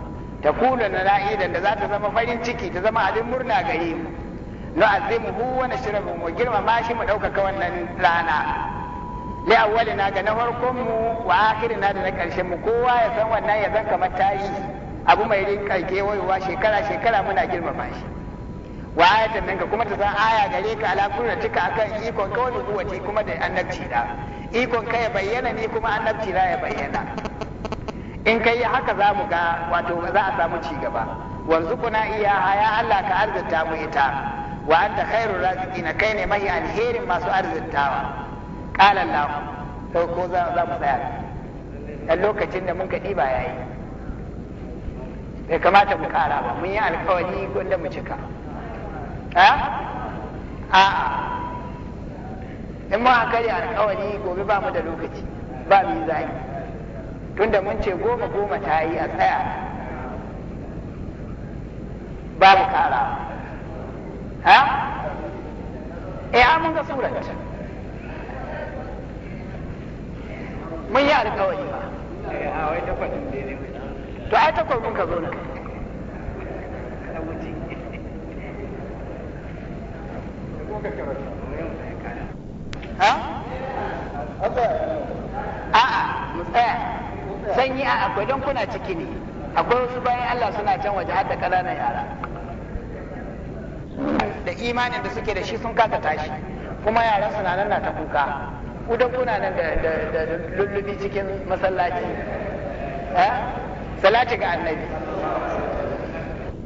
A: ta kula na ra'idan da za ta zama farin ciki ta zama abin murna gare mu hu wa nashrabu mu girmama shi mu ɗaukaka wannan rana li awwalina ga na farkon mu wa akhirina da na karshen mu kowa ya san wannan ya zan kamar tarihi abu mai rinka kewayewa shekara shekara muna girmama shi wa ayatan nan kuma ta san aya gare ka ala kullu tika akan ikon ka zuwa nubuwati kuma da annabci da ikon ka ya bayyana ni kuma annabci na ya bayyana in ka yi haka za mu ga wato za a samu ci gaba wanzu kuna iya haya Allah ka arzita mu ita wa anta khairur raziqin kai ne mai alherin masu arzitawa qala Allah to ko za za mu tsaya a lokacin da mun ka diba yayi bai kamata mu kara ba mun yi alkawari gonda mu cika a a in mun yi alkawari gobe ba mu da lokaci ba mu yi zai tunda mun ce goma goma ta yi a tsaya babu kara ha eh mun ga surat mun yi alkawari ba eh, to ai ta mun ka zo na ha? A'a, mu tsaya. sanyi a akwai don kuna ciki ne akwai wasu bayan Allah suna can waje har da ƙananan yara da imanin da suke da shi sun kasa tashi kuma yara suna nan na ta kuka ku kuna nan da lullubi cikin masallaci eh? salati ga annabi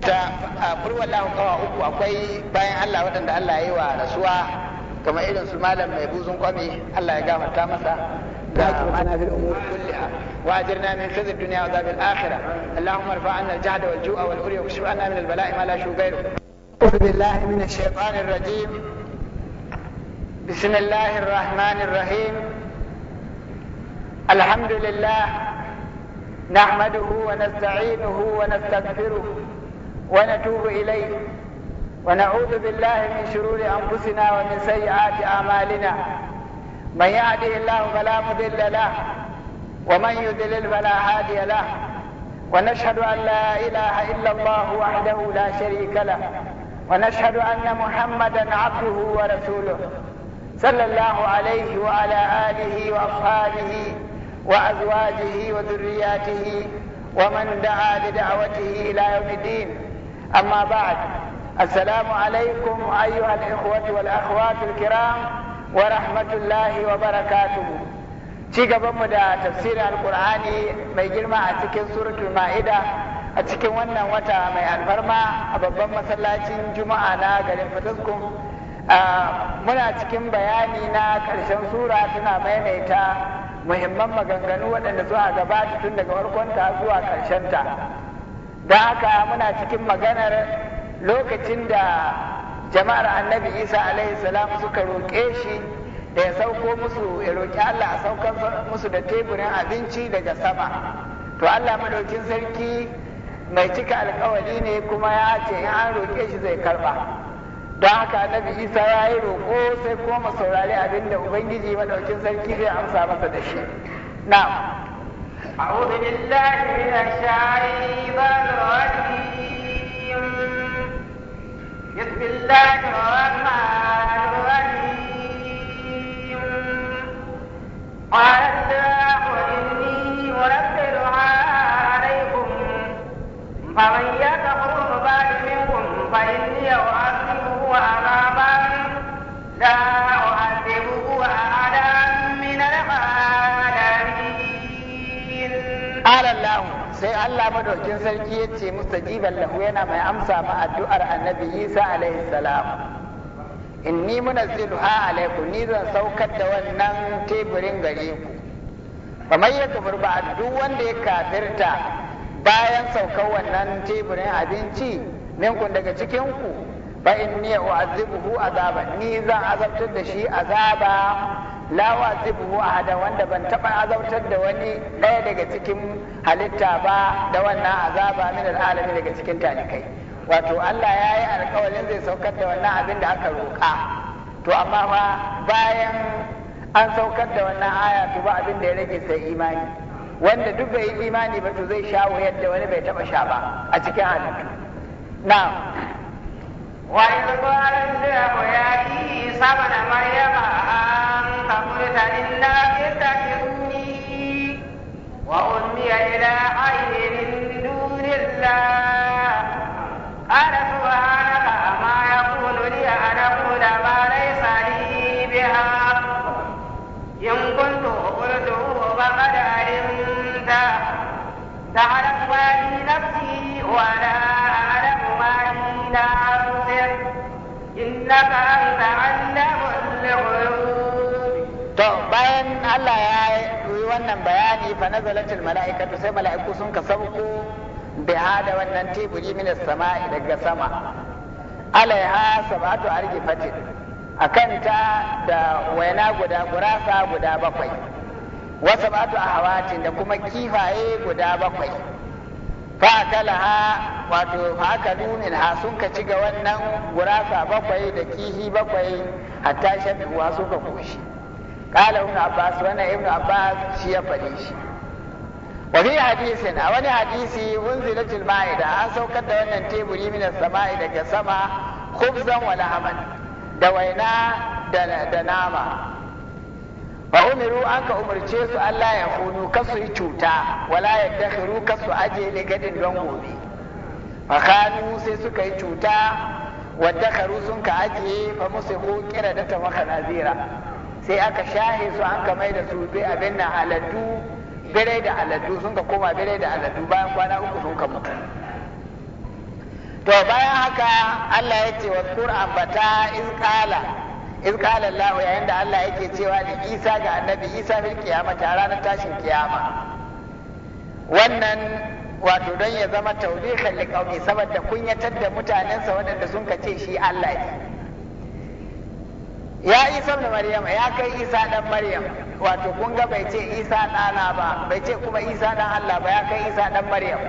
A: ta furwallahu kawa uku akwai bayan Allah waɗanda Allah ya yi wa rasuwa kamar irin su malam mai buzun kwami Allah ya gafarta masa da ma'ana fil umur kulliha واجرنا من خزي الدنيا وعذاب الاخره اللهم ارفع عنا الجهد والجوء والعري واكشف عنا من البلاء ما لا شو غيره اعوذ بالله من الشيطان الرجيم بسم الله الرحمن الرحيم الحمد لله نحمده ونستعينه ونستغفره ونتوب اليه ونعوذ بالله من شرور انفسنا ومن سيئات اعمالنا من يهده الله فلا مضل له ومن يذلل فلا هادي له ونشهد أن لا إله إلا الله وحده لا شريك له ونشهد أن محمدا عبده ورسوله صلى الله عليه وعلى آله وأصحابه وأزواجه وذرياته ومن دعا بدعوته إلى يوم الدين أما بعد السلام عليكم أيها الإخوة والأخوات الكرام ورحمة الله وبركاته ci gabanmu da tafsirin alkur'ani mai girma a cikin suratul ma'ida a cikin wannan wata mai alfarma a babban masallacin juma'a na garin fataskun muna cikin bayani na ƙarshen sura suna maimaita muhimman maganganu waɗanda zuwa gabata tun daga farkonta zuwa ta. don haka muna cikin maganar lokacin da jama'ar annabi isa alaihi salam suka roƙe shi da ya sauko musu ya roƙi Allah a saukar musu da teburin abinci daga sama to Allah madaukin sarki mai cika alkawali ne kuma ya ce in an roƙe shi zai karba don haka annabi isa ya yi roƙo sai kuma mu saurari abin da ubangiji madaukin sarki zai amsa masa da shi
B: na'am أعوذ بالله من الشيطان الرجيم بسم الله الرحمن قال الله إني منزلها
A: sai Allah madaukin sarki ya ce mustajiban lahu yana mai amsa ma addu'ar Annabi Isa alaihi salam In ni inni ha alaiku ni zan saukar da wannan teburin gare ku mai ya kafir ba duk wanda ya kafirta bayan saukar wannan teburin abinci minkun daga cikin ku fa inni a azaban ni zan azabtar da shi azaba la a hada wanda ban taba azabtar da wani ɗaya daga cikin halitta ba da wannan azaba min al'alami daga cikin talikai wato Allah ya yi alkawarin zai saukar da wannan abin da aka roƙa to amma fa bayan an saukar da wannan aya to ba abin da ya rage sai imani wanda duk bai yi imani ba to zai sha wuyar da wani bai taba sha ba a cikin halittu
B: na wa idh qala ya isa ibn maryama to
A: bayan Allah ya yi wannan bayani fa zalatul mala'ikatu sai mala'iku sun ka sauko bi hada wannan teburi min sama'i daga sama alaiha sab'atu arjifatin akan ta da waina guda gurasa guda bakwai wasu sabatu a da kuma kifaye guda bakwai fa akalaha wato haka nunin ha sun ka ci ga wannan gurasa bakwai da kihi bakwai hatta shabi uwa sun ka koshi kala ibn abbas wannan ibn abbas shi ya faɗi shi wa fi hadisin a wani hadisi mun unzilatul ma'ida an saukar da wannan teburi min as-sama'i daga sama khubzan wa lahaman da waina da nama fa umiru an ka umarce su Allah ya hunu kasu yi cuta wala ya kasu aje ne gadin don gobe fakanu sai suka yi cuta wadda karu sun ka ajiye fa musu ko kira da ta maka nazira sai aka shahe su an kamai da su bai abin na aladu birai da aladu sun ka koma birai da aladu bayan kwana uku sun ka mutu to bayan haka Allah ya ce wa Qur'an bata iz qala iz Allah yayin da Allah yake cewa da Isa ga Annabi Isa bil kiyama ta ranar tashin kiyama wannan wato don ya zama kalli liƙauni saboda kunyatar da mutanensa waɗanda sun kace shi Allah ne ya isa da maryam ya kai isa ɗan maryam wato kun ga bai ce isa ɗana ba bai ce kuma isa ɗan Allah ba ya kai isa ɗan maryam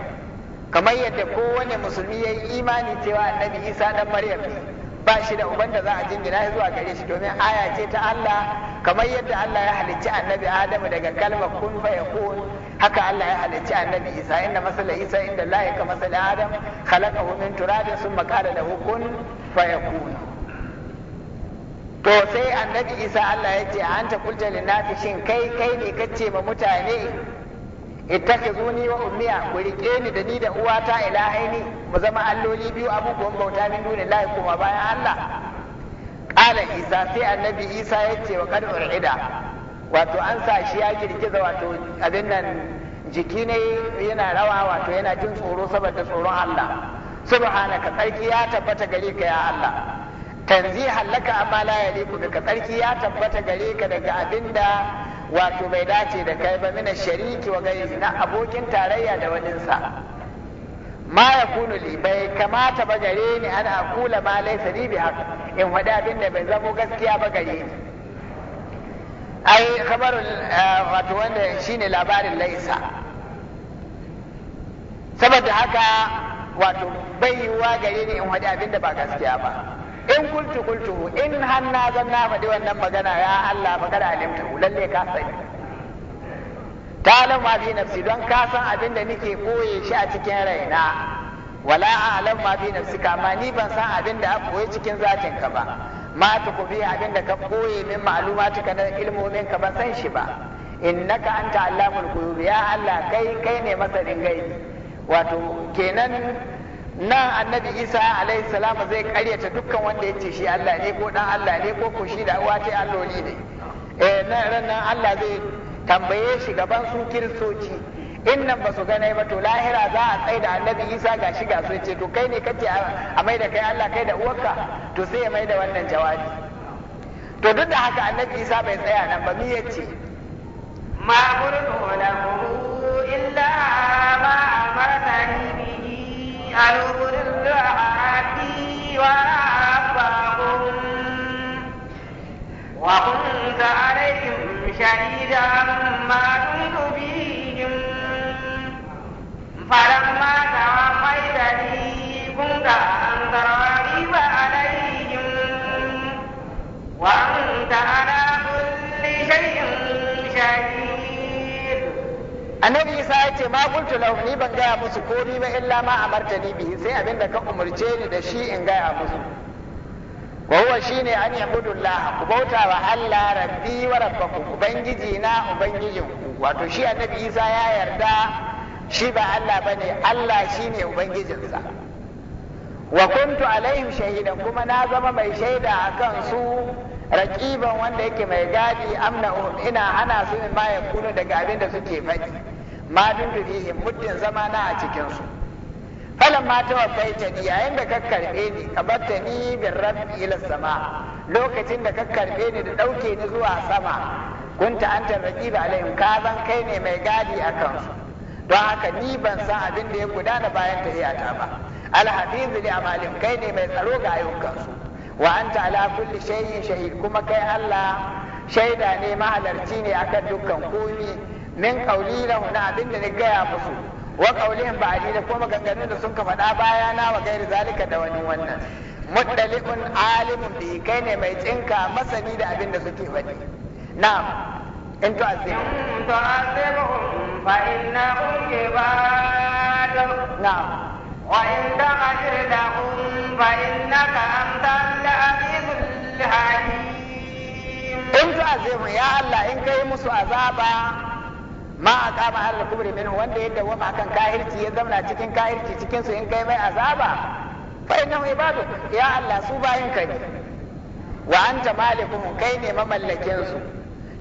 A: kamar yadda kowane musulmi ya yi imani cewa annabi isa ɗan maryam ne ba shi da uban da za a jingina ya zuwa gare shi domin aya ce ta Allah kamar yadda Allah ya halicci annabi Adamu daga kalmar kun fa yakun haka Allah ya halicci annabi Isa inna masala Isa inda Allah ya kama masala Adam khalaqahu min turabin summa qala lahu kun fayakun to sai annabi Isa Allah ya ce anta qulta lin shin kai kai ne kace ma mutane ittakhizuni wa ummiya ku rike ni da ni da uwata ilahaini mu zama alloli biyu abubuwan bauta min dunillahi kuma bayan Allah qala Isa sai annabi Isa ya ce wa qad ur'ida wato an sa shi ya girgiza wato abin nan jiki ne yana rawa wato yana jin tsoro saboda tsoron Allah subhanaka tsarki ya tabbata gare ka ya Allah tanzihan laka amma la yaliku bika tsarki ya tabbata gare ka daga abinda wato bai dace da kai ba mina shariki wa gari na abokin tarayya da waninsa ma ya kunu li bai kamata ba gare ni ana akula ma laisa bi haka in wada abin da bai zamo gaskiya ba gare ni ai khabarul eh, wato wanda shine labarin laisa saboda haka wato bai yiwuwa gare ni in wadi abin ba gaskiya ba in kultu kultu in hanna na zan na faɗi wannan magana ya Allah ba kada alimta lalle ka sani ta'lam ma fi nafsi don ka san abin da nake koye shi a cikin raina wala a'lam ma fi nafsi kama ni ban san abin da a koye cikin zatinka ka ba ma kufi abin da ka koye min maluma cika na ilmomin ka ba san shi ba ka anta allamul ghuyub ya Allah kai kai ne masarin gaibi wato kenan na annabi Isa alaihi salam zai karyata dukkan wanda yace shi Allah ne ko dan Allah ne ko kushi da uwa ta alloli ne eh nan Allah zai tambaye shi gaban su kiristoci in nan ba su gane ba to lahira za a tsaye da annabi isa ga shi ga ce to kai ne kake a mai da kai allah kai da uwarka to sai ya mai da wannan jawabi to duk da haka annabi isa bai tsaya nan ba mi yace ma
B: murnu illa ma amartani bihi wa wa kunta فلما سوى فيدني كنت أنت الرقيب عليهم وأنت على كل شيء شهيد
A: Annabi Isa ya ce ma kuntu lahu ni ban gaya musu komi ba illa ma amarta ni bihi sai abin da ka umarce ni da shi in gaya musu wa huwa shine an yabudullah ku bauta wa Allah rabbi wa rabbakum ubangiji na ubangijinku wato shi Annabi Isa ya yarda shi ba Allah ba ne Allah shi ne Ubangijinsa wa kuntu alaihim shahidan kuma na zama mai shaida a kan su raƙiban wanda yake mai gadi amna ina hana su ma ya daga abin da suke faɗi ma dundurihim muddin zama na a cikinsu falan ma ta wafaita ni yayin da ka karɓe ni ka batta ni bin rabbi ila sama lokacin da ka karɓe ni da ɗauke ni zuwa sama kunta antar raƙiba alaihim ka zan kai ne mai gadi a kansu don haka ni ban san abin da ya gudana bayan tahiyata ba alhafizu li amalin kai ne mai tsaro ga ayyukansu wa anta ala kulli shay'in shahid kuma kai Allah shaida ne mahalarci ne akan dukkan komi min qauli lahu na abin da ni gaya musu wa ba ba'di da kuma ganganin da sun ka faɗa baya na wa gairi zalika da wani wannan muddaliqun alimun bi kai ne mai tsinka masani
B: da abin da suke faɗi na'am in tu'azzibhum فإنهم عباد نعم وإن تغفر لهم فإنك أنت العزيز الحكيم
A: إن تعزم يا الله إن كيمس عذابا ma a kama halal kubri min wanda ya dawwama akan kahirci ya zamana cikin kahirci cikin su in kai mai azaba fa innahu ibadu ya Allah su bayin ka ne wa anta malikuhum kai ne mamallakin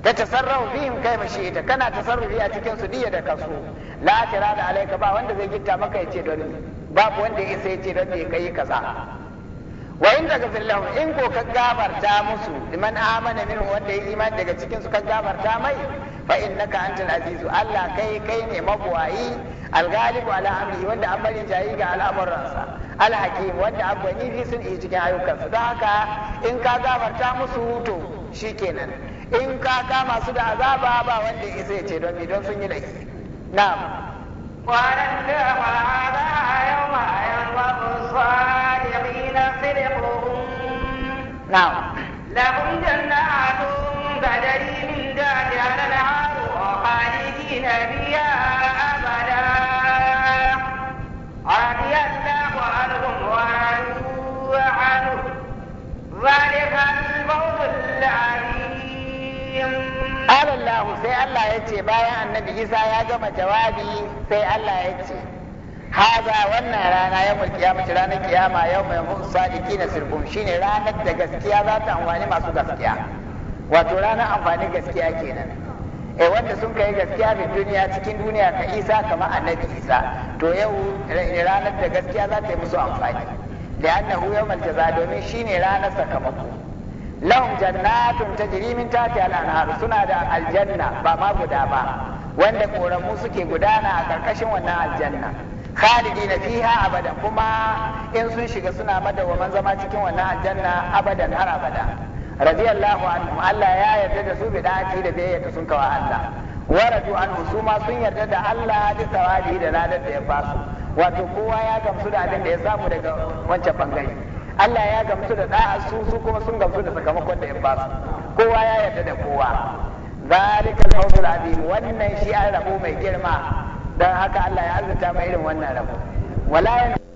A: ta tasarrafu bihim kai ita kana tasarrufi a cikin su diya da kaso la tira da alaika ba wanda zai gitta maka ya ce don babu wanda ya isa ya ce don ya kai kaza wa in daga fillahu in ko ka gabarta musu liman amana min wanda ya iman daga cikin su ka gabarta mai fa innaka antal azizu Allah kai kai ne mabuwayi algalibu ala amri wanda an bari jayi ga al'amuransa alhakim wanda akwai ni sun yi cikin ayyukansu don haka in ka gabarta musu to shikenan in ka kama su da azaba ba wanda ya zai ce don don sun yi laifi
B: na'am qalan da ma hada yawma na sadiqina sidquhum na'am lahum jannatun tajri min da na tahtiha al-anhar khalidina fiha abada radiyallahu anhum hannu, ba anhu ذلك الفوز العظيم
A: Allah sai Allah ya ce bayan annabi Isa ya gama jawabi sai Allah ya ce haza wannan rana ya mulki ya mace ranar kiyama yau mai mun sadiki na sirbum shine ranar da gaskiya za ta amfani masu gaskiya wato ranar amfani gaskiya kenan eh wanda sun kai gaskiya bin duniya cikin duniya ka Isa kamar annabi Isa to yau ranar da gaskiya za ta yi musu amfani da annahu yawmal za domin shine ranar sakamako lahum jannatun tajri min tahti al-anhar suna da aljanna ba ma guda ba wanda mu suke gudana a karkashin wannan aljanna khalidin fiha abadan kuma in sun shiga suna madawwaman zama cikin wannan aljanna abadan har abada radiyallahu anhu Allah ya yarda da su bida'ati da bayyana sun kawa Allah waradu anhu su ma sun yarda da Allah da tawabi da ladar da ya basu wato kowa ya gamsu da abin da ya samu daga wancan bangare Allah ya gamsu da da'a su su kuma sun gamsu da sakamakon da ya ba su kowa ya yarda da kowa zalikal fawzul azim wannan shi an rabo mai
B: girma dan haka Allah ya azurta mai irin wannan rabo wala